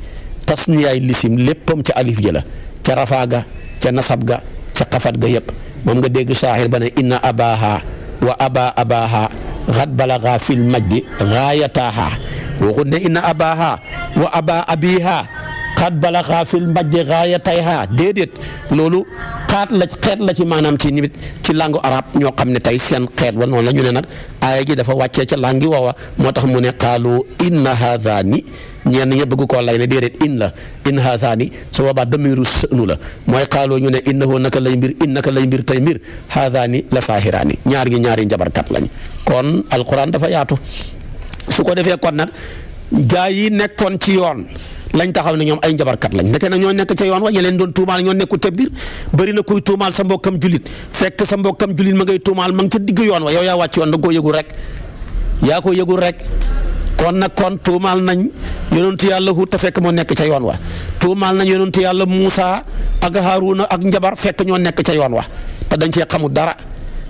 tasniyaay lisim léppam ca alif jëla ca rafaa ga ca nasab ga ca xafat ga yëpp moom nga dégg saaxir ba ne inna abaha wa aba abaha xad balaga fil majdi gaayataaha waxut ne inna abaha wa aba abiha xaat bala xaa fil mbajji xaaya tay déedéet loolu xaat la xeet la ci maanaam ci nit ci langue arab ñoo xam ne tey seen xeet wa noonu la ñu ne nag aaya ji dafa wàccee ca langi woowa moo tax mu ne xaalu inna haadaani ñenn ña bëgg koo lay ne déedéet in la in haadaani su boobaa damiru sënu la mooy kaaloo ñu ne innahu naka lay mbir in naka lay mbir tey mbir haadaani la saahiraani ñaar gi ñaari njabarkat lañ kon alquran dafa yaatu su ko defee kon nag yi nekkoon ci yoon lañ taxaw ne ñoom ay njabarkat lañ ndeke na ñoo nekk ca yoon wa ña leen doon tuumaal ñoo nekkul ca biir bëri na kuy tuumaal sa mbokkam julit fekk sa mbokkam julit ma ngay tuumaal man ngi ca digg yoon wa yow yaa wàcc yoon da nga koo yëgul rek yaa ko yëgul rek kon nag kon tuumaal nañ yonentu yàlla Huud te fekk moo nekk ca yoon wa tuumaal nañ yonentu yàlla Muusa ak Haaruna ak njabar fekk ñoo nekk ca yoon wa te dañ cee xamul dara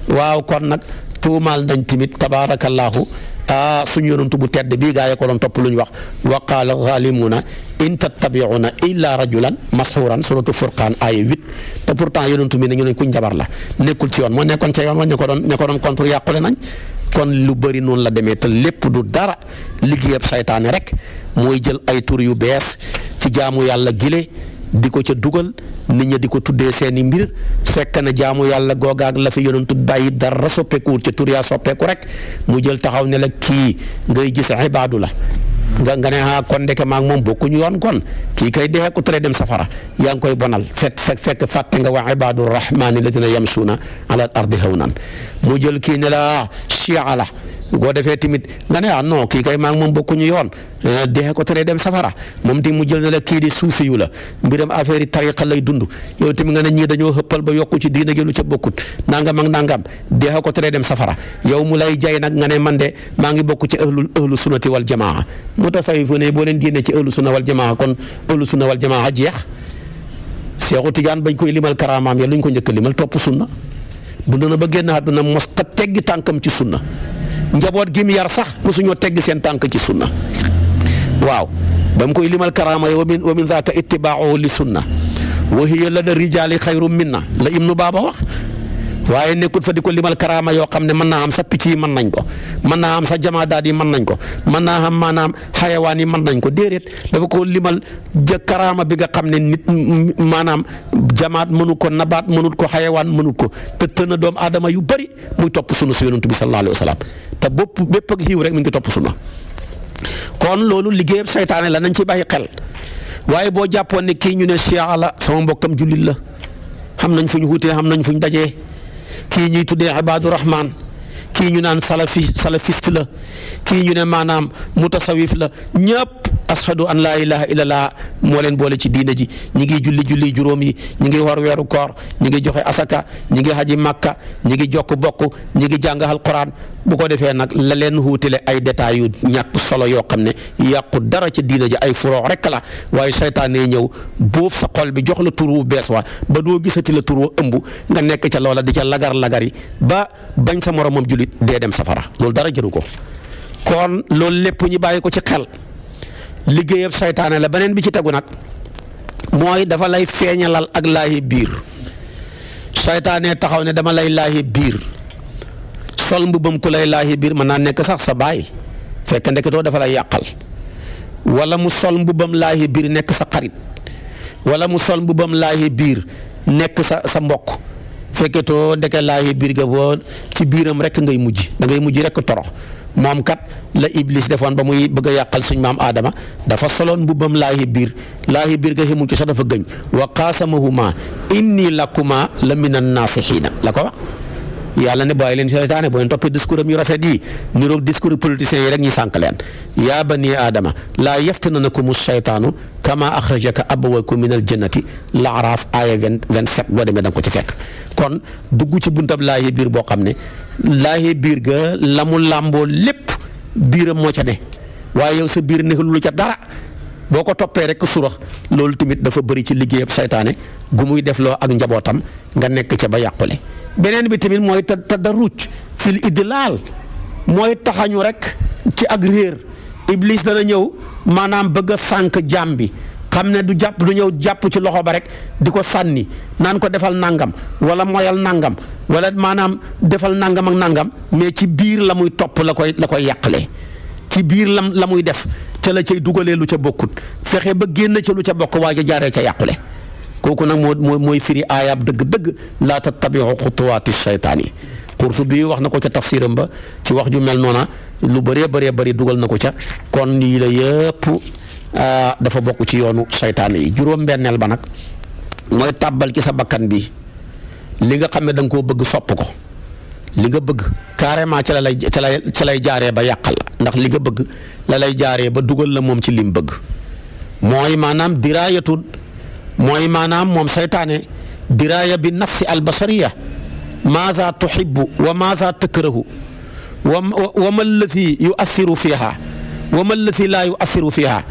waaw kon nag tuumaal nañ tamit tabaarakallaahu ah suñu yonentu bu tedd bii gaa yi ko doon lu ñu wax wa qaala zaalimuuna in tattabi'una illa rajulan masxuuran suratu furqaan ay huit te pourtant yonentu mi ne ñu ne kuñ jabar la nekkul ci yoon moo nekkoon ca yoon wa ña ko doon ña ko doon contre yàqule nañ kon lu bëri noonu la demee te lépp du dara liggéeyab saytaane rek mooy jël ay tur yu bees ci jaamu yàlla gile di ko ca dugal nit ña di ko tuddee seeni mbir fekk na jaamu yàlla googaag la fi yonentu bàyyi dara soppeekuwul ca tur yaa soppeeku rek mu jël taxaw ne la kii ngay gis ibaadu la nga nga ne ah kon deke mak mom bokku ñu yoon kon ki kay de ko tere dem safara yang koy bonal fek fek fek fàtte nga wa ibadur rahman alladina yamshuna ala al ardi hawnan mu jël ki ne la shi'ala boo defee timit nga ne ah non kii kay maa ngi moom ñu yoon euh, dexe ko tere dem safara moom ti mu jël na la kii di suufi yu la mbiram affaire yi tariqa lay dund yow tamit nga ne ñii dañoo xëppal ba yokku ci diina gi lu ca bokkut nangam ak nangam dexe ko tere dem safara yow mu lay jay nag nga ne man de maa ngi bokk ci ahlul ahlu sunnati wal jamaa mu tasawifu ne boo leen génnee ci ëllu sunna wal jamaa kon ahlu sunna wal jamaa jeex Seexu Tijaan bañ koy limal karaamaam ya luñ ko njëkk limal topp sunna dund na ba génn àdduna mos ta teggi tànkam ci sunna njabot gi mi yar sax musuñu tegg sen tànk ci sunna waaw ba koy limal karaama yi wa min zaaka ittiba'u li sunna wa hiya lana rijaali khayrun minna la ibnu baba wax waaye nekkut fa di ko limal karaama yoo xam ne mën naa am sa picc yi man nañ ko mën naa am sa jamaadaat yi man nañ ko mën naa am maanaam xayawaan yi man nañ ko déedéet dafa ko limal ja karaama bi nga xam ne nit maanaam jamaat mënu ko nabaat mënut ko xayawaan mënut ko te na doom aadama yu bëri muy topp sunu su yonent bi sa alayhi wa sallam te bopp bépp ak xiiw rek mu ngi topp sunu kon loolu liggéeyam seytaane la nañ ci bàyyi xel waaye boo jàppoon ne kii ñu ne Cheikh sama mbokkam jullit la xam nañ fu ñu wutee xam nañ fu ñu dajee kii ñuy tuddee Ibaadu Rahmaan kii ñu naan salafi salafiste la kii ñu ne maanaam mutasawif la ñëpp ashadu an laa ilaha illallah moo leen boole ci diina ji ñi ngi julli julli juróom yi ñi ngi war weeru koor ñi ngi joxe asaka ñi ngi haji màkka ñi ngi jokk bokk ñi ngi jàng alquran bu ko defee nag la leen wuutale ay détails yu ñàkk solo yoo xam ne yàqu dara ci diina ji ay furoo rek la waaye seytaane ñëw boof sa xol bi jox la tur wu bees wa ba doo gisati la tur wu ëmb nga nekk ca loola di ca lagar lagari dee dem safara loolu dara jëru ko kon loolu lepp ñi bàyyi ko ci xel liggéeyab saytaane la benen bi ci tegu nak moy dafa lay feñalal ak lahi bir shaytané taxaw né dama lay lahi bir sol mbubam ku lay lahi bir man na nek sax sa bay fekk ndeketoo dafa lay yakal wala mu sol mbubam lahi bir nek sa xarit wala mu sol mbubam lahi bir nek sa sa mbokk fekketoo ndeke laayi biir ga boo ci biiram rek ngay mujj da ngay mujj rek torox moom kat la iblis defoon ba muy bëgg a yàqal suñ maam aadama dafa soloon mbubbam laayi biir laayi biir ga ximul ci sax dafa gëñ wa qaasamahuma inni lakuma la min an naasixiina la ko yàlla ne bàyyi leen seytaane boo leen toppee discours am yu rafet yi niroog discours politiciens yi rek ñu sànq leen yaa bani aadama laa na ko yaftinanakumu seytaanu kama axrajaka abawaykum minal jannati laaraaf aaya vingt sept boo demee da ko ci fekk kon dugg ci buntab laahi biir boo xam ne laahi biir ga la làmboo lépp biiram moo ca ne waaye yow sa biir ne lu ca dara boo ko toppee rek surax loolu tamit dafa bëri ci liggéeyab seytaane gu muy defloo ak njabootam nga nekk ca ba beneen bi tamit mooy ta tadarruj fil idlaal mooy taxañu rek ci ak réer iblis dana ñëw maanaam bëgg a sànq jaam bi xam ne du jàpp du ñëw jàpp ci loxo ba rek di ko sànni naan ko defal nangam wala moyal nangam wala maanaam defal nangam ak nangam mais ci biir la muy topp la koy la koy yàqalee ci biir lam la muy def ca la cay dugalee lu ca bokkut fexe ba génn ca lu ca bokk waaye jaaree ca yàqule kooku nag moo mooy firi aayaab dëgg-dëgg laa tattabiu xutuwaati shaytaani Qurtubi wax na ko ca tafsiram ba ci wax ju mel noona lu bëree bëree bëri dugal na ko ca kon yii la yëpp dafa bokk ci yoonu saytaan yi ba ci sa bakkan bi li nga xam ne da nga koo bëgg sopp ko li nga bëgg carrément ca la lay ca lay ca lay ba yàqal ndax li nga bëgg la lay ba dugal la moom ci lim bëgg موي مانام موم سيطاني درايا بالنفس البصرية ماذا تحب وماذا تكره وما الذي يؤثر فيها وما الذي لا يؤثر فيها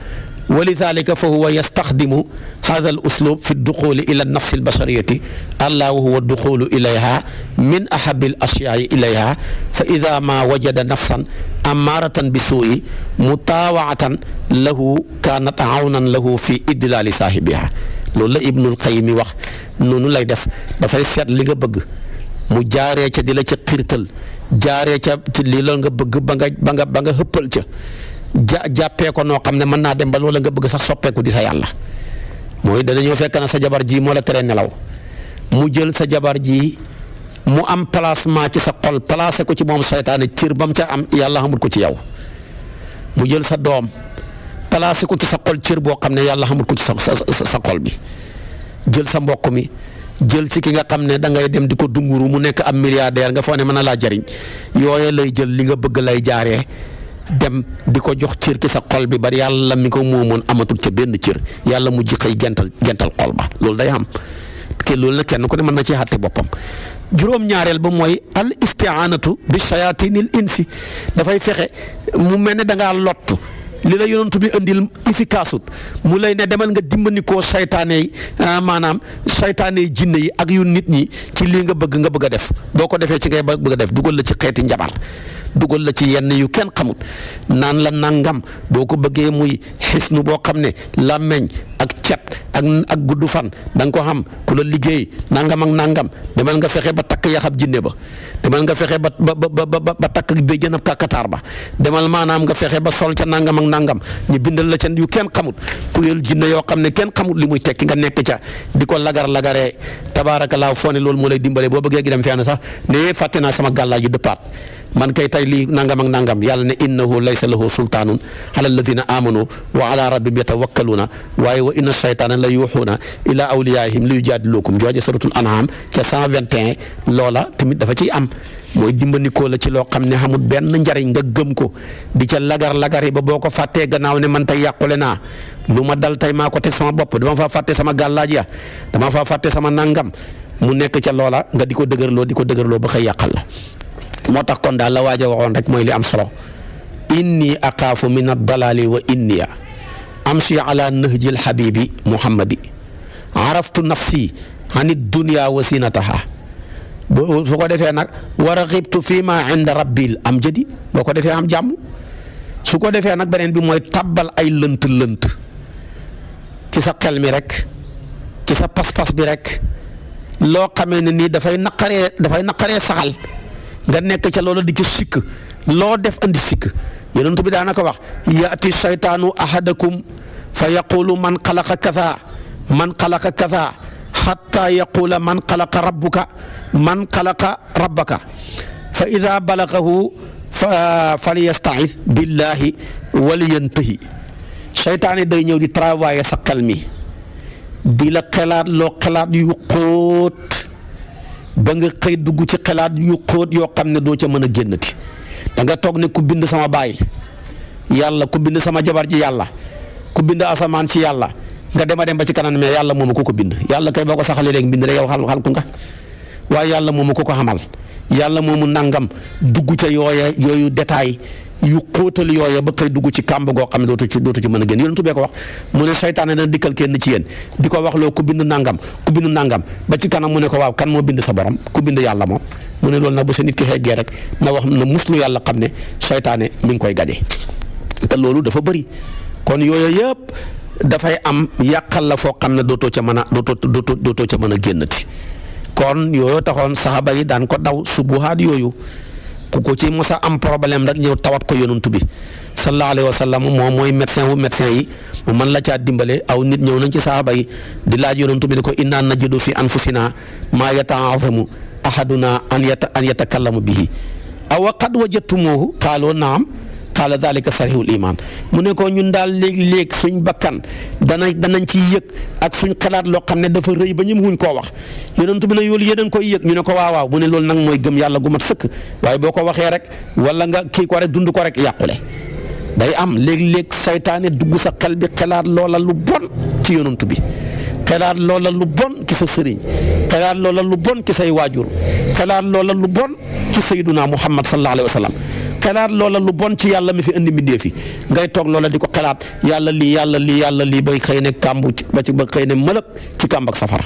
ولذلك فهو يستخدم هذا الأسلوب في الدخول إلى النفس البشرية الله هو الدخول إليها من أحب الأشياء إليها فإذا ما وجد نفسا أمارة بسوء مطاوعة له كانت عونا له في إدلال صاحبها loolu la Ibnul Qayyim mi wax noonu lay def dafay seet li nga bëgg mu jaaree ca di la ca xirtal jaaree ca lii la nga bëgg ba nga ba nga ba nga xëppal ca ja jàppee ko noo xam ne mën naa dem ba loola nga bëgg sax soppeeku di sa yàlla mooy danañoo fekk na sa jabar jii moo la tere nelaw mu jël sa jabar ji mu am placement ci sa xol placé ko ci moom seytaane cër ba mu ca am yàlla xamul ko ci yow mu jël sa doom. placé ko ci sa xol cër boo xam ne yàlla xamul ko ci sa sa xol bi jël sa mbokk mi jël ci ki nga xam ne da ngay dem di ko dunguru mu nekk am milliardaire nga foog ne mën na laa jariñ yooye lay jël li nga bëgg lay jaare dem di ko jox cër ci sa xol bi bari yàlla mi ko moomoon amatul ca benn cër yàlla mu ji xëy gental gental xol ba loolu day am te loolu nag kenn ku ne mën na ci xàtte boppam. juróom-ñaareel ba mooy al isti'anatu bi shayatinil insi dafay fexe mu mel ne da ngaa lott li la tu bi indil efficace ut mu lay ne demal nga dimbali koo saytaane yi ah, maanaam saytaane jinne yi ak yu nit ñi ci lii nga bëgg nga bëgg a def boo ko defee ci ngay bëgg a def dugal la ci xeeti njabar duggal la ci yenn yu kenn xamut naan la nangam boo ko bëggee muy xisnu boo xam ne làmmeñ ak cet ak ak gudd fan danga ko xam ku la liggéey nangam ak nangam demal nga fexe ba takk yaxab jinne ba demal nga fexe ba ba ba ba takk béjjën ab kàkkataar ba demal maanaam nga fexe ba sol ca nangam ak nangam ñu bindal la ca yu kenn xamut kuréel jinne yoo xam ne kenn xamut li muy tekki nga nekk ca di ko lagar lagaree tabaarakalaaw foo ne loolu moo lay dimbale boo bëggee gi dem fenn sax ne fàtte naa sama gàllaaj yu dëppaat man kay tay lii nangam ak nangam yàlla ne innahu laysa lahu sultaanun ala alladina amanu wa ala rabbihim yatawakkaluuna waaye wa inna shaytaana la yuuxuuna ila awliyaihim li yujaadilukum jooje suratul an'am ca 121 loola tamit dafa ciy am mooy dimbandikoo la ci loo xam ne xamul benn njariñ nga gëm ko di ca lagar fàttee gannaaw ne man tay yakule na luma dal tay mako sama bop ya, dama fa sama gàllaaj dama fa sama nangam mu nek ca lola nga diko ko lo, di ko dëgërloo ba xëy yakal la kon da la waja waxon rek moy li am solo inni aqafu min ad dalali wa inni amshi ala nahji habibi muhammadi araftu nafsi ani dunya wa sinataha su ko defé nak waraqibtu raxibtu fi ma inda rabbil amjadi boko defé am jamm su ko defee nag beneen bi moy tabal ay leunt leunt ci sa xel mi rek ci sa pass pass bi rek lo xamé ni da fay dafay da fay naqaree saxal nga nek ci loola di ci sik lo def andi sik yonent bi da naka wax yaati shaytanu ahadakum fa yaqulu man qalaqa kaza man qalaqa kaza xatta yaqula man xalaqa rabbuka man xalaqa rabbaka fa ida balagahu fal yastaid billaahi waliyantahi seytaane day ñëw di travailler sa xel mi di la xelaat loo xelaat yu xóot ba nga xëy dugg ci xelaat yu xóot yoo xam ne doo ca mën a génnati da nga toog ne ku bind sama baay yàlla ku bind sama jabar ji yàlla ku bind asamaan ci yàlla nga dema dem ba ci kanam mais yàlla moom ku ko bind yàlla kay boo ko saxalee rek bind rek yow xal xal ku nga waaye yàlla moomu ko ko xamal yàlla moomu nangam dugg ca yooya yooyu détail yu xóotal yooya ba xëy dugg ci kàmb goo xam ne dootu ci dootu ci mën a génn yonentu bee ko wax mu ne seytaane dana dikkal kenn ci yéen di ko wax loo ku bind nangam ku bind nangam ba ci kanam mu ne ko waaw kan moo bind sa borom ku bind yàlla moom mu ne loolu nag bu sa nit ki xeggee rek na wax na muslu yàlla xam ne seytaane mi ngi koy gaje loolu dafa bëri kon yooya yëpp dafay am yàqal la foo xam ne dootoo ca mën a dootoo dootoo dootoo ca mën a génnati kon yooyu taxoon saxaba yi daan ko daw subuhaat yooyu ku ko ci mos a am problème rek ñëw tawat ko yonantu bi sallallahu alayhi wa sallam moom mooy médecin wu médecin yi mu mën la caa dimbale aw nit ñëw nañ ci saxaba yi di laaj yonantu bi ne ko inna najidu fi anfusina maa yata'azamu ahaduna an yata an yatakallamu bihi aw qad wajadtumuhu qaalu naam قال ذلك صريح الايمان مونيكو نون دال ليك ليك سوني بكان دا نان سي ييك اك سوني خلات لو خامني دا فا ري با نيم هون كو واخ يونتو بنا يول يدان كو ييك ني نكو واو واو بوني لول نك موي گم يالا گومات سك واي بوكو واخي رك ولا nga كي كو رك دوند كو رك ياقولي داي ام ليك ليك شيطان دغ سا قلبي خلات لولا لو بون تي يونتو بي خلات لولا لو بون كي سا سيرين خلات لولا لو بون كي ساي واجور خلات لولا لو بون كي سيدنا محمد صلى الله عليه وسلم xalaat loola lu bon ci yàlla mi fi indi mbindeef fi ngay toog loola di ko xalaat yàlla lii yàlla lii yàlla lii bay xëy ne kàmbu ba ci xëy ne mëlëb ci kàmb ak safara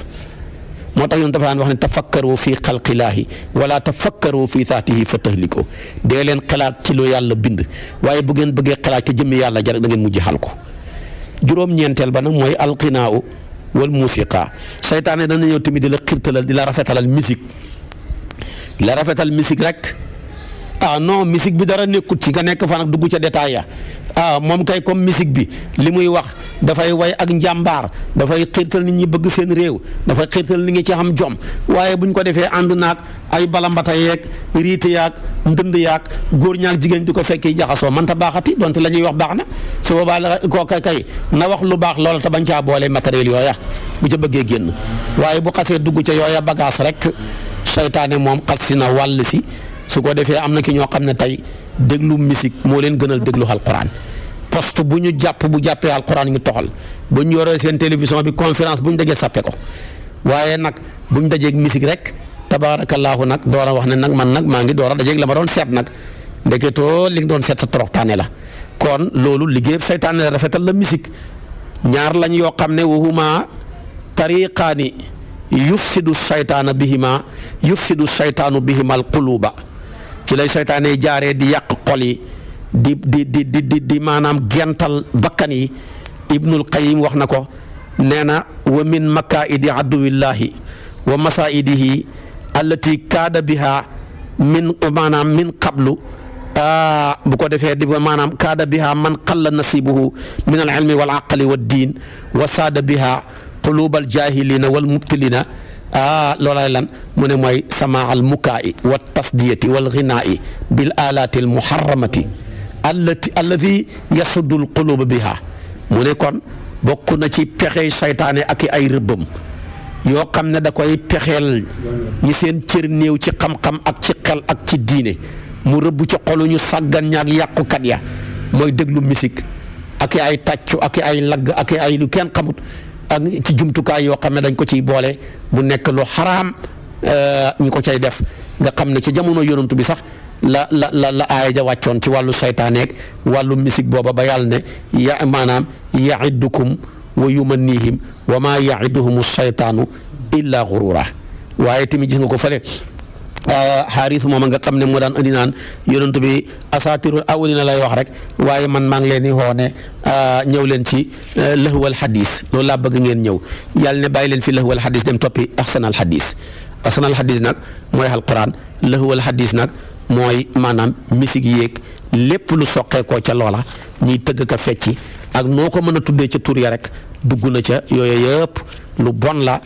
moo tax yoon dafa daan wax ne tafakkaru fi xalqillaahi wala tafakkaru fi saatihi fa tahliko dee leen xalaat ci lu yàlla bind waaye bu ngeen bëggee xalaat ci jëmm yàlla jar da ngeen mujj xal ko juróom-ñeenteel ba nag mooy alqinaaw wal musiqa seytaane dana ñëw tamit di la xirtalal di la rafetalal musique di la rek. ah non musique bi dara nekkut ci nga nekk fan ak dugg ca détail ya ah, moom kay comme musique bi li muy wax dafay way ak njàmbaar dafay xiirtal nit ñi bëgg seen réew dafay xiirtal nit ñi ci xam jom waaye bu ñu ko defee ànd naag ay balambata yeeg riite yaag ndënd yaak góor ñaak jigéen di ko fekkee jaxasoo man ta baaxati donte la ñuy wax baax na su boobaa la koo kay kay na wax lu baax loola te bañ caa boole matériel yooya bu ca bëggee génn waaye bu xasee dugg ca yooya bagage rek seytaane moom xas na wàll si. su ko defé amna ki ño xamné tay deglu hal musique moo leen gënal deglu alquran poste buñu japp bu jappé alquran ñu toxal buñu yoré sen télévision bi conférence buñu dajé sappé ko wayé nak buñu dajé ak musique rek tabarakallah nak doora wax nak man nak maa ngi door a dajeeg la set nak seet li nga doon seet sa tané la kon lolu liggéey setan la rafetal la musique ñaar lañ yo xamné ne wahuma tariqaani yufsidu shaytana bihima yufsidu shaytanu bihima alquluba ci lay seytaane yi jaaree di yàq xol yi di maanaam gental bakkan yi ibnul qayim wax na ko nee na wa min makaidi aduwillaahi wa masaidihi allati kaada biha min maanaam min qablu ah, bu ko defee di maanaam kaada biha man qalla nasibuhu min al ilmi wal aqli wad diin wa saada biha quluba al jahilina wal آه لولا لان من ماي سماع المكاء والتصدية والغناء بالآلات المحرمة التي الذي يسد القلوب بها من يكون بكون شيء بخير شيطان أكي أي ربم يو كم ندا كوي بخير يسين ترني وشي كم كم أكي كل أكي دينه مربو شيء قلو يو سجن يعني أكو كديا ما يدغلو ميسك أكي أي تاتشو أكي أي لغ أكي أي لكان كمود ak ci jumtukaay yoo xam ne dañ ko ciy boole mu nekk lu xaraam euh, ñu ko cay def nga xam ne ci jamono yonantu bi sax la la la la aaya ja wàccoon ci wàllu saytaaneeg wàllu misik booba ba yàll ne ya maanaam yaidukum wa yumannihim wa maa yaiduhum saytaanu illa gurura waaye tamit gis nga ko fële Euh, xaaris moom nga xam ne moo daan andi naan yonent bi asaatirul na lay wax rek waaye man maa ngi leen di woo ne euh, ñëw leen ci euh, lëhwal xadiis loolu laa bëgg ngeen ñëw yàlla ne bàyyi leen fi lëhwal xadis dem toppi axsanal xadis axsanal xadis nag mooy alquran lëhwal xadis nag mooy maanaam misig yéeg lépp lu soqeekoo ca loola ñiy tëgg ko fecci ak noo ko mën a tuddee ca tur ya rek dugg na ca yooyu yëpp lu bon la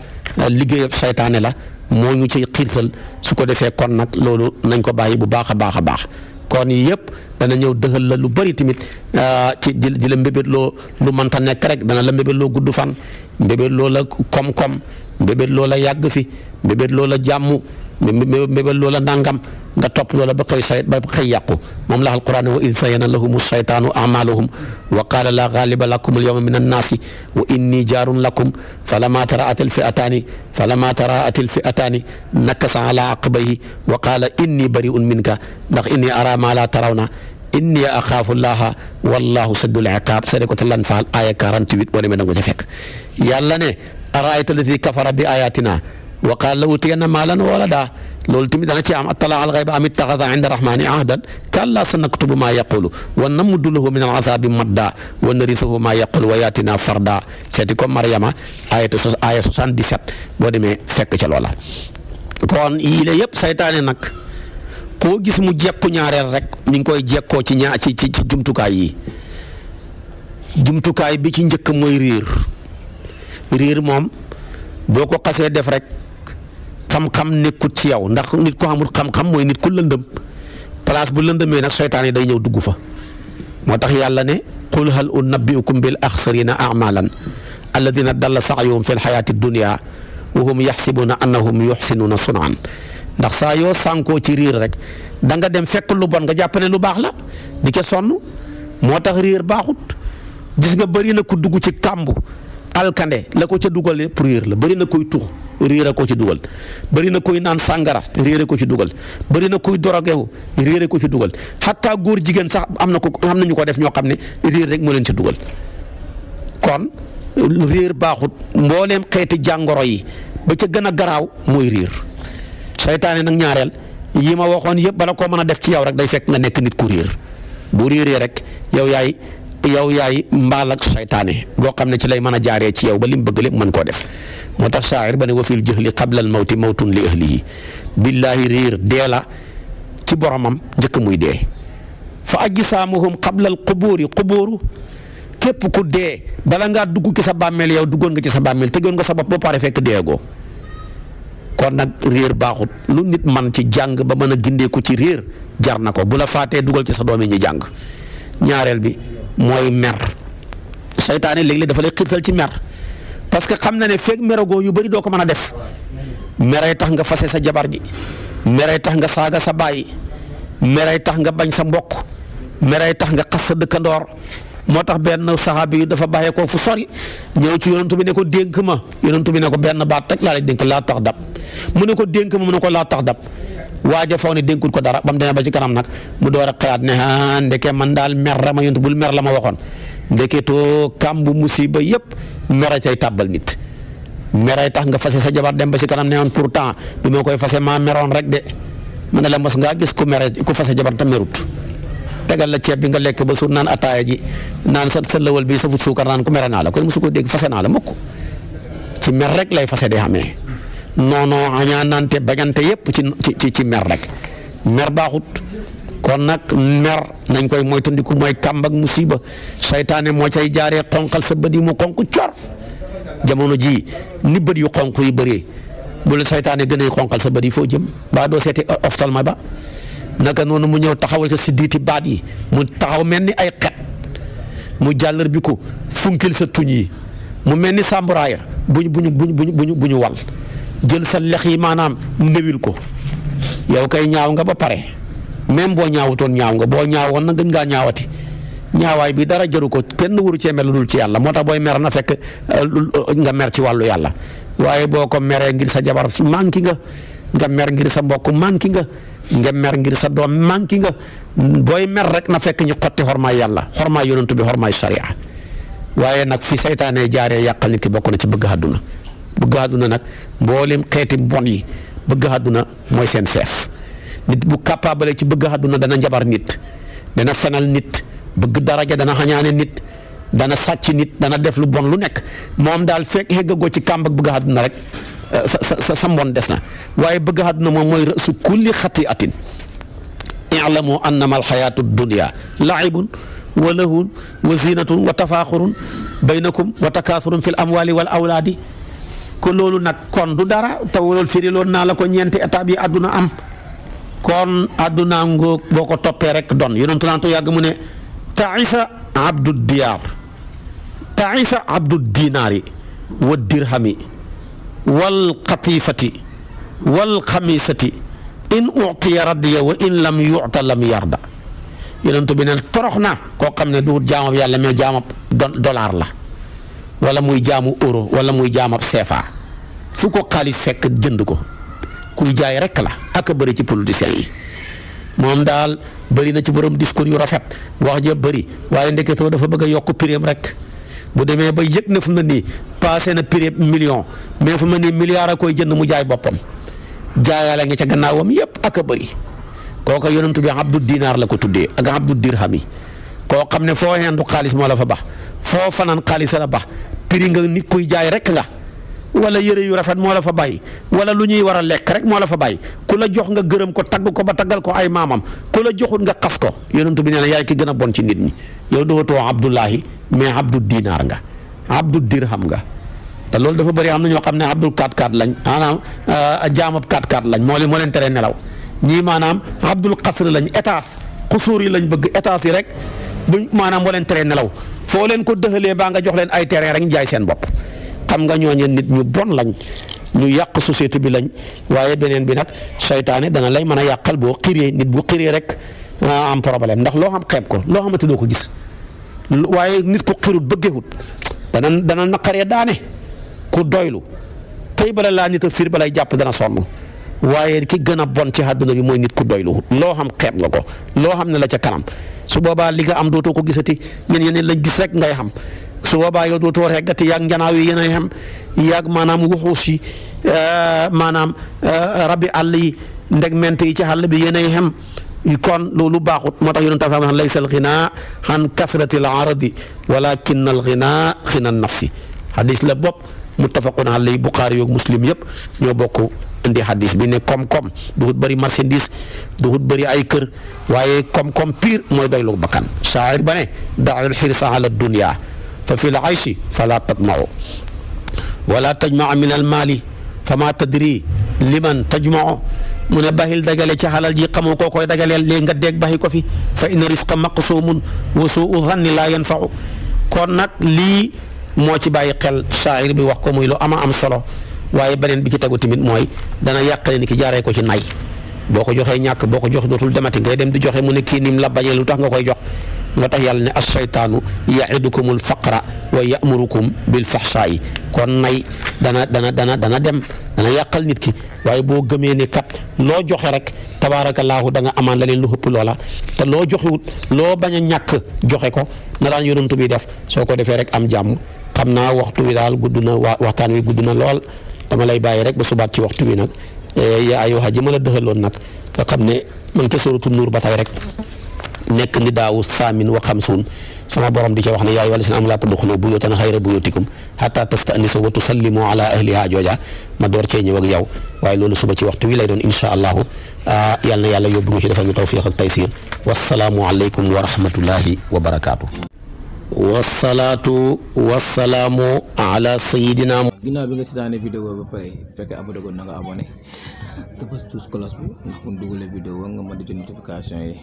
liggéeyab seytaane la moo ñu ciy xiirtal su ko defee kon nag loolu nañ ko bàyyi bu baax a baax a baax kon yii yëpp dana ñëw dëxal la lu bëri tamit euh, ci di la mbébét loo lu mënta nekk rek dana la mbébét loo gudd fan mbébét loo la koom-koom mbébét loo la yàgg fi mbébét loo la jàmm mébal loola nangam nga topp loola ba koy say ba koy yàqu moom la alquran wa id zayyana lahum shaytaanu amalahum wa qaala laa gaaliba lakum alyawma min annaasi wa inni jaarun lakum falamma taraat alfi'ataani falamma taraat alfi'ataani nakasa ala aqbayhi wa qaala inni bari'un minka ndax inni ara ma la tarawna inni axaafu llaha wallahu saddul iqaab sadatul anfaal aaya 48 boo demee da nga ko ca fekk yàlla ne araayta alladi kafara bi ayatina wa qaala la maalan wa waladaa loolu tamit dana ci am atalaa al xayba am ittaxada inda rahmaani ahdan kallaa sa naktubu maa yaqulu wa namuddu lahu min al azaabi madda wa narisuhu maa yaqulu wa yaatinaa farda seeti comme Mariama ayatu aya 77 boo demee fekk ca loola. kon yii la yëpp saytaane nag ko gis mu jekku ñaareel rek mi ngi koy jekkoo ci ñaa ci ci jumtukaay yi jumtukaay bi ci njëkk mooy réer réer moom boo ko xasee def rek. xam-xam nekkut ci yow ndax nit ko xamul xam-xam mooy nit ku lëndëm place bu lëndëmee nag seytaan yi day ñëw dugg fa moo tax yàlla ne qul hal unabbiukum bil axsarina amalan alladina dalla saayuhum fi lxayaati dunia wa hum yaxsibuuna annahum yuxsinuuna sunaan ndax saa yoo sànkoo ci riir rek da nga dem fekk lu bon nga jàpp ne lu baax la di ca sonn moo tax riir baaxut gis nga bëri na ku dugg ci kàmbu alkande la ko ca dugal yëpp réer la bëri na koy tux réer a ko ci dugal bëri na koy naan sàngara réer ko ci dugal bëri na koy dorogewu réer a ko ci dugal xataa góor jigéen sax am na ko am na ñu ko def ñoo xam ne réer rek moo leen ci dugal kon réer baaxut mbooleem xeeti jàngoro yi ba ca gën a garaaw mooy réer seytaane nag ñaareel yi ma waxoon yëpp bala koo mën a def ci yow rek day fekk nga nekk nit ku réer bu réeree rek yow yaay yow yaay mbalak ak Gokam goo ne ci lay mëna jaaré ci yow ba lim bëgg lepp mën ko def motax sha'ir bané wa fil jahli qabla al mawti mawtun li ahlihi billahi rir dee ci boromam jëk muy dé fa ajsaamuhum qabla al qubur quburu kep ku dé bala nga dugg ci sa bammel yow duggon nga ci sa bammel tegon nga sa bop ba pare fekk go kon nak rir baxut lu nit man ci jang ba mëna gindé ku ci rir jar bu la dugal ci sa doomi ñi jang ñaarel bi mooy mer seytaane léeg-léeg dafa lay xiirtal ci mer parce que xam na ne feeg meragoo yu bari doo ko mën a def merey tax nga fase sa jabar ji merey tax nga saaga sa baay merey tax nga bañ sa mbokk merey tax nga xas sa dëkkandoor moo tax benn saxaabi yu dafa bàyyee koo fu sori ñëw ci yonent bi ne ko dénk ma yonent bi ne ko benn baat rek laa lay dénk laa tax dab mu ne ko dénk ma mu ne ko laa tax dab waja foog denkul ko dara bam dina ba ci kanam nak mu doora a ne ne de ke man dal mer la ma bul mer waxon de ke to kambu musiba yep mera cay tabal nit. mera tax nga fasé sa jabar dem ba ci kanam ne on pourtant koy fasé ma meron rek de man la mos nga gis ku mera ku fasé jabar ta merut tegal la ci bi nga lek ba sur nan ataya ji nan sa sa bi sa fut sukar nan ku mera na la ko musuko deg fasé na la mukk ci mer rek lay fasé de noonoo añaanante bañante yëpp ci ci mer rek mer baaxut kon nag mer nañ koy moytandiku mooy kàmb ak musiba seytaane moo cay jaaree xonqal sa bët yi mu xonq cor ji ni bët yu xonq yi bëree bu la saytaane gën sa bët yi foo jëm mbaa doo seeti oftalma ba naka noonu mu ñëw taxawal sa siddiiti baat yi mu taxaw mel ni ay xet mu jàllar funkil sa tuñ yi mu mel ni sàmburaaya buñ buñ buñ buñ buñ wal jël sa lex yi maanaam ndewil ko yow kay ñaaw nga ba pare même boo ñaawutoon ñaaw nga boo ñaawoon na gën ngaa ñaawati ñaawaay bi dara jaru ko kenn waru cee mel ci yàlla moo tax booy mer na fekk euh, nga mer ci wàllu yàlla waaye boo ko meree ngir sa jabar manqué nga nga mer ngir sa mbokk manqué nga nga mer ngir sa doom manqué nga booy mer rek na fekk ñu xotti xormaay yàlla xormaay yonent bi xormaay sharia waaye nag fi seytaanee jaaree yàqal nit ki bokk na ci bëgg àdduna bëgg àdduna nag mboolem xeeti mbon yi bëgg àdduna mooy seen seef nit bu capable ci bëgg àdduna dana njabar nit dana fenal nit bëgg daraja dana xañaane nit dana sàcc nit dana def lu bon lu nekk moom daal fekk xeggagoo ci kàmb bëgg àdduna rek sa sa mbon des na bëgg àdduna moom mooy su kulli xati atin i'lamu annama alxayaatu dunia laibun wa lahun wa zinatun wa tafaaxurun baynakum wal awlaadi ko loolu nag kon du dara te loolu naa la ko ñeenti étape yi àdduna am kon àdduna ngoog boo ko toppee rek don yonentu naa yàgg mu ne taisa abdu diyaar taisa abdu dinaari wa dirhami wal qatifati wal xamisati in uutiya radiya wa in lam yuuta lam yarda yonentu bi ne torox na koo xam ne du jaamab yàlla mais jaamab dollar la wala muy jaamu euro wala muy jaam ab CFA fu ko xaalis fekk jënd ko kuy jaay rekk la ak a bëri ci politiciens yi moom daal bëri na ci borom discours yu rafet wax ja bëri waaye ndeketoo dafa bëgg a yokk prime rek bu demee ba yëg na fu mu ni nii passé na prime million mais fu mu ne nii milliard koy jënd mu jaay boppam jaayaale nga ca gannaawam yépp ak a bëri kooka yonentu bi abdu diinaar la ko tuddee ak abdu dirham yi koo xam ne foo xendu xaalis moo la fa bax foo fanaan xaalis la bax prix nga nit kuy jaay rek nga wala yëre yu rafet moo la fa bàyyi wala lu ñuy war a lekk rek moo la fa bàyyi ku la jox nga gërëm ko tagg ko ba taggal ko ay maamam ku la joxut nga xas ko yonent bi nee na yaay ki gën a bon ci nit ñi yow dootoo abdullahi mais abdu dinaar nga abdu dirham nga te loolu dafa bëri am na ñoo xam ne abdul 4-4 lañ maanaam euh, jaamab 4 lañ moo leen moo leen tere nelaw ñii maanaam abdul xasr lañ étage xusuur yi lañ bëgg étage yi rek bu maanaam boo leen teree nelaw foo leen ko dëxalee baa nga jox leen ay terrain rek jaay seen bopp xam nga ñooñu nit ñu bon lañ ñu yàq société bi lañ waaye beneen bi nag seytaane dana lay mën a yàqal boo xiree nit bu xiree rek ah, am problème ndax loo xam xeeb ko loo xamante doo ko gis waaye nit ku xirut bëggewut dana dana naqaree daane ku doylu tey bala laa nit a fiir balay jàpp dana sonn. waaye ki gën a bon ci àdduna bi mooy nit ku doylu wut loo xam xeeb nga ko loo xam ne la ca kanam su boobaa li nga am dootoo ko gisati ñen yeneen lañ gis rek ngay xam su boobaa yow dootoo reggati yaag njanaaw yi yéen a xam yaag maanaam wuxuus yi euh, maanaam euh, rabi àll yi ndegment yi ci àll bi yéen a xam kon loolu baaxut moo tax yonent afam laysa al xinaa an kasrati al aradi walakin al xinaa xina nafsi hadis la bopp muttafaqun alayhi buxaari yoog muslim yëpp ñoo bokk indi hadith bi ne kom koom-koom duhut bëri marchandise hut bari ay keur waye kom kom pire mooy doylu bakan sha'ir bané ne al-hirsa ala ad dunya fa fi l-ayshi fala tatma'u wala tajma'a min al-maali fama tadri liman tajma'u mu ne baxil dagale ci xalal ji xamoo koo koy dagaleel léegi nga deg bahi ko fi fa in risqa maqsum wa su'u zanni la yanfa'u kon nak li mo ci baye xel sha'ir bi wax ko muy lu ama am solo waaye beneen bi ci tegu tamit mooy dana yàqale ni ki jaaree ko ci nay boo ko joxee ñàkk boo ko jox dootul demati ngay dem di joxe mu ne kii nim la bañee lu tax nga koy jox moo tax yàlla ne asseytaanu yaidukumul faqra wa yamurukum bil faxsaayi kon nay dana dana dana dana dem yàqal nit ki waaye boo gëmee ne kat loo joxe rek tabaarakallaahu da nga amaan la lu xëpp loola te loo joxewut loo bañ a ñàkk joxe ko na daan yonent bi def soo ko defee rek am jàmm xam naa waxtu wi daal gudd na waxtaan wi gudd na lool dama lay bàyyi rek ba subaat ci waxtu wi nag eh, yaa ayyuhaa ji ma la dëxaloon nag nga xam ne man ke tu nuur ba tey rek nekk ni daawu saamin wa xamsuun sama borom di ci wax ne yaa ayyuhaa llaziina aamanuu laa tadxuluu buyuutan xayra buyuutikum hattaa tasta'nisuu wa tusallimuu alaa ahlihaa jooja ma door cee ñëw ak yow waaye loolu suba ci waxtu wi lay doon incha allahu ah, yal na yàlla yóbbu ñu ci defal ñu tawfiq ak taysiir wasalaamu aleykum wa rahmatullahi wa barakaatu. wasalaatu wasalaamu ala sayidina ginnaaw bi nga seetaane vidéo ba pare fekkee abonné ko na nga abonné te bës tous cloche bi ndax bu ñu dugalee vidéo nga mën di jot notification yi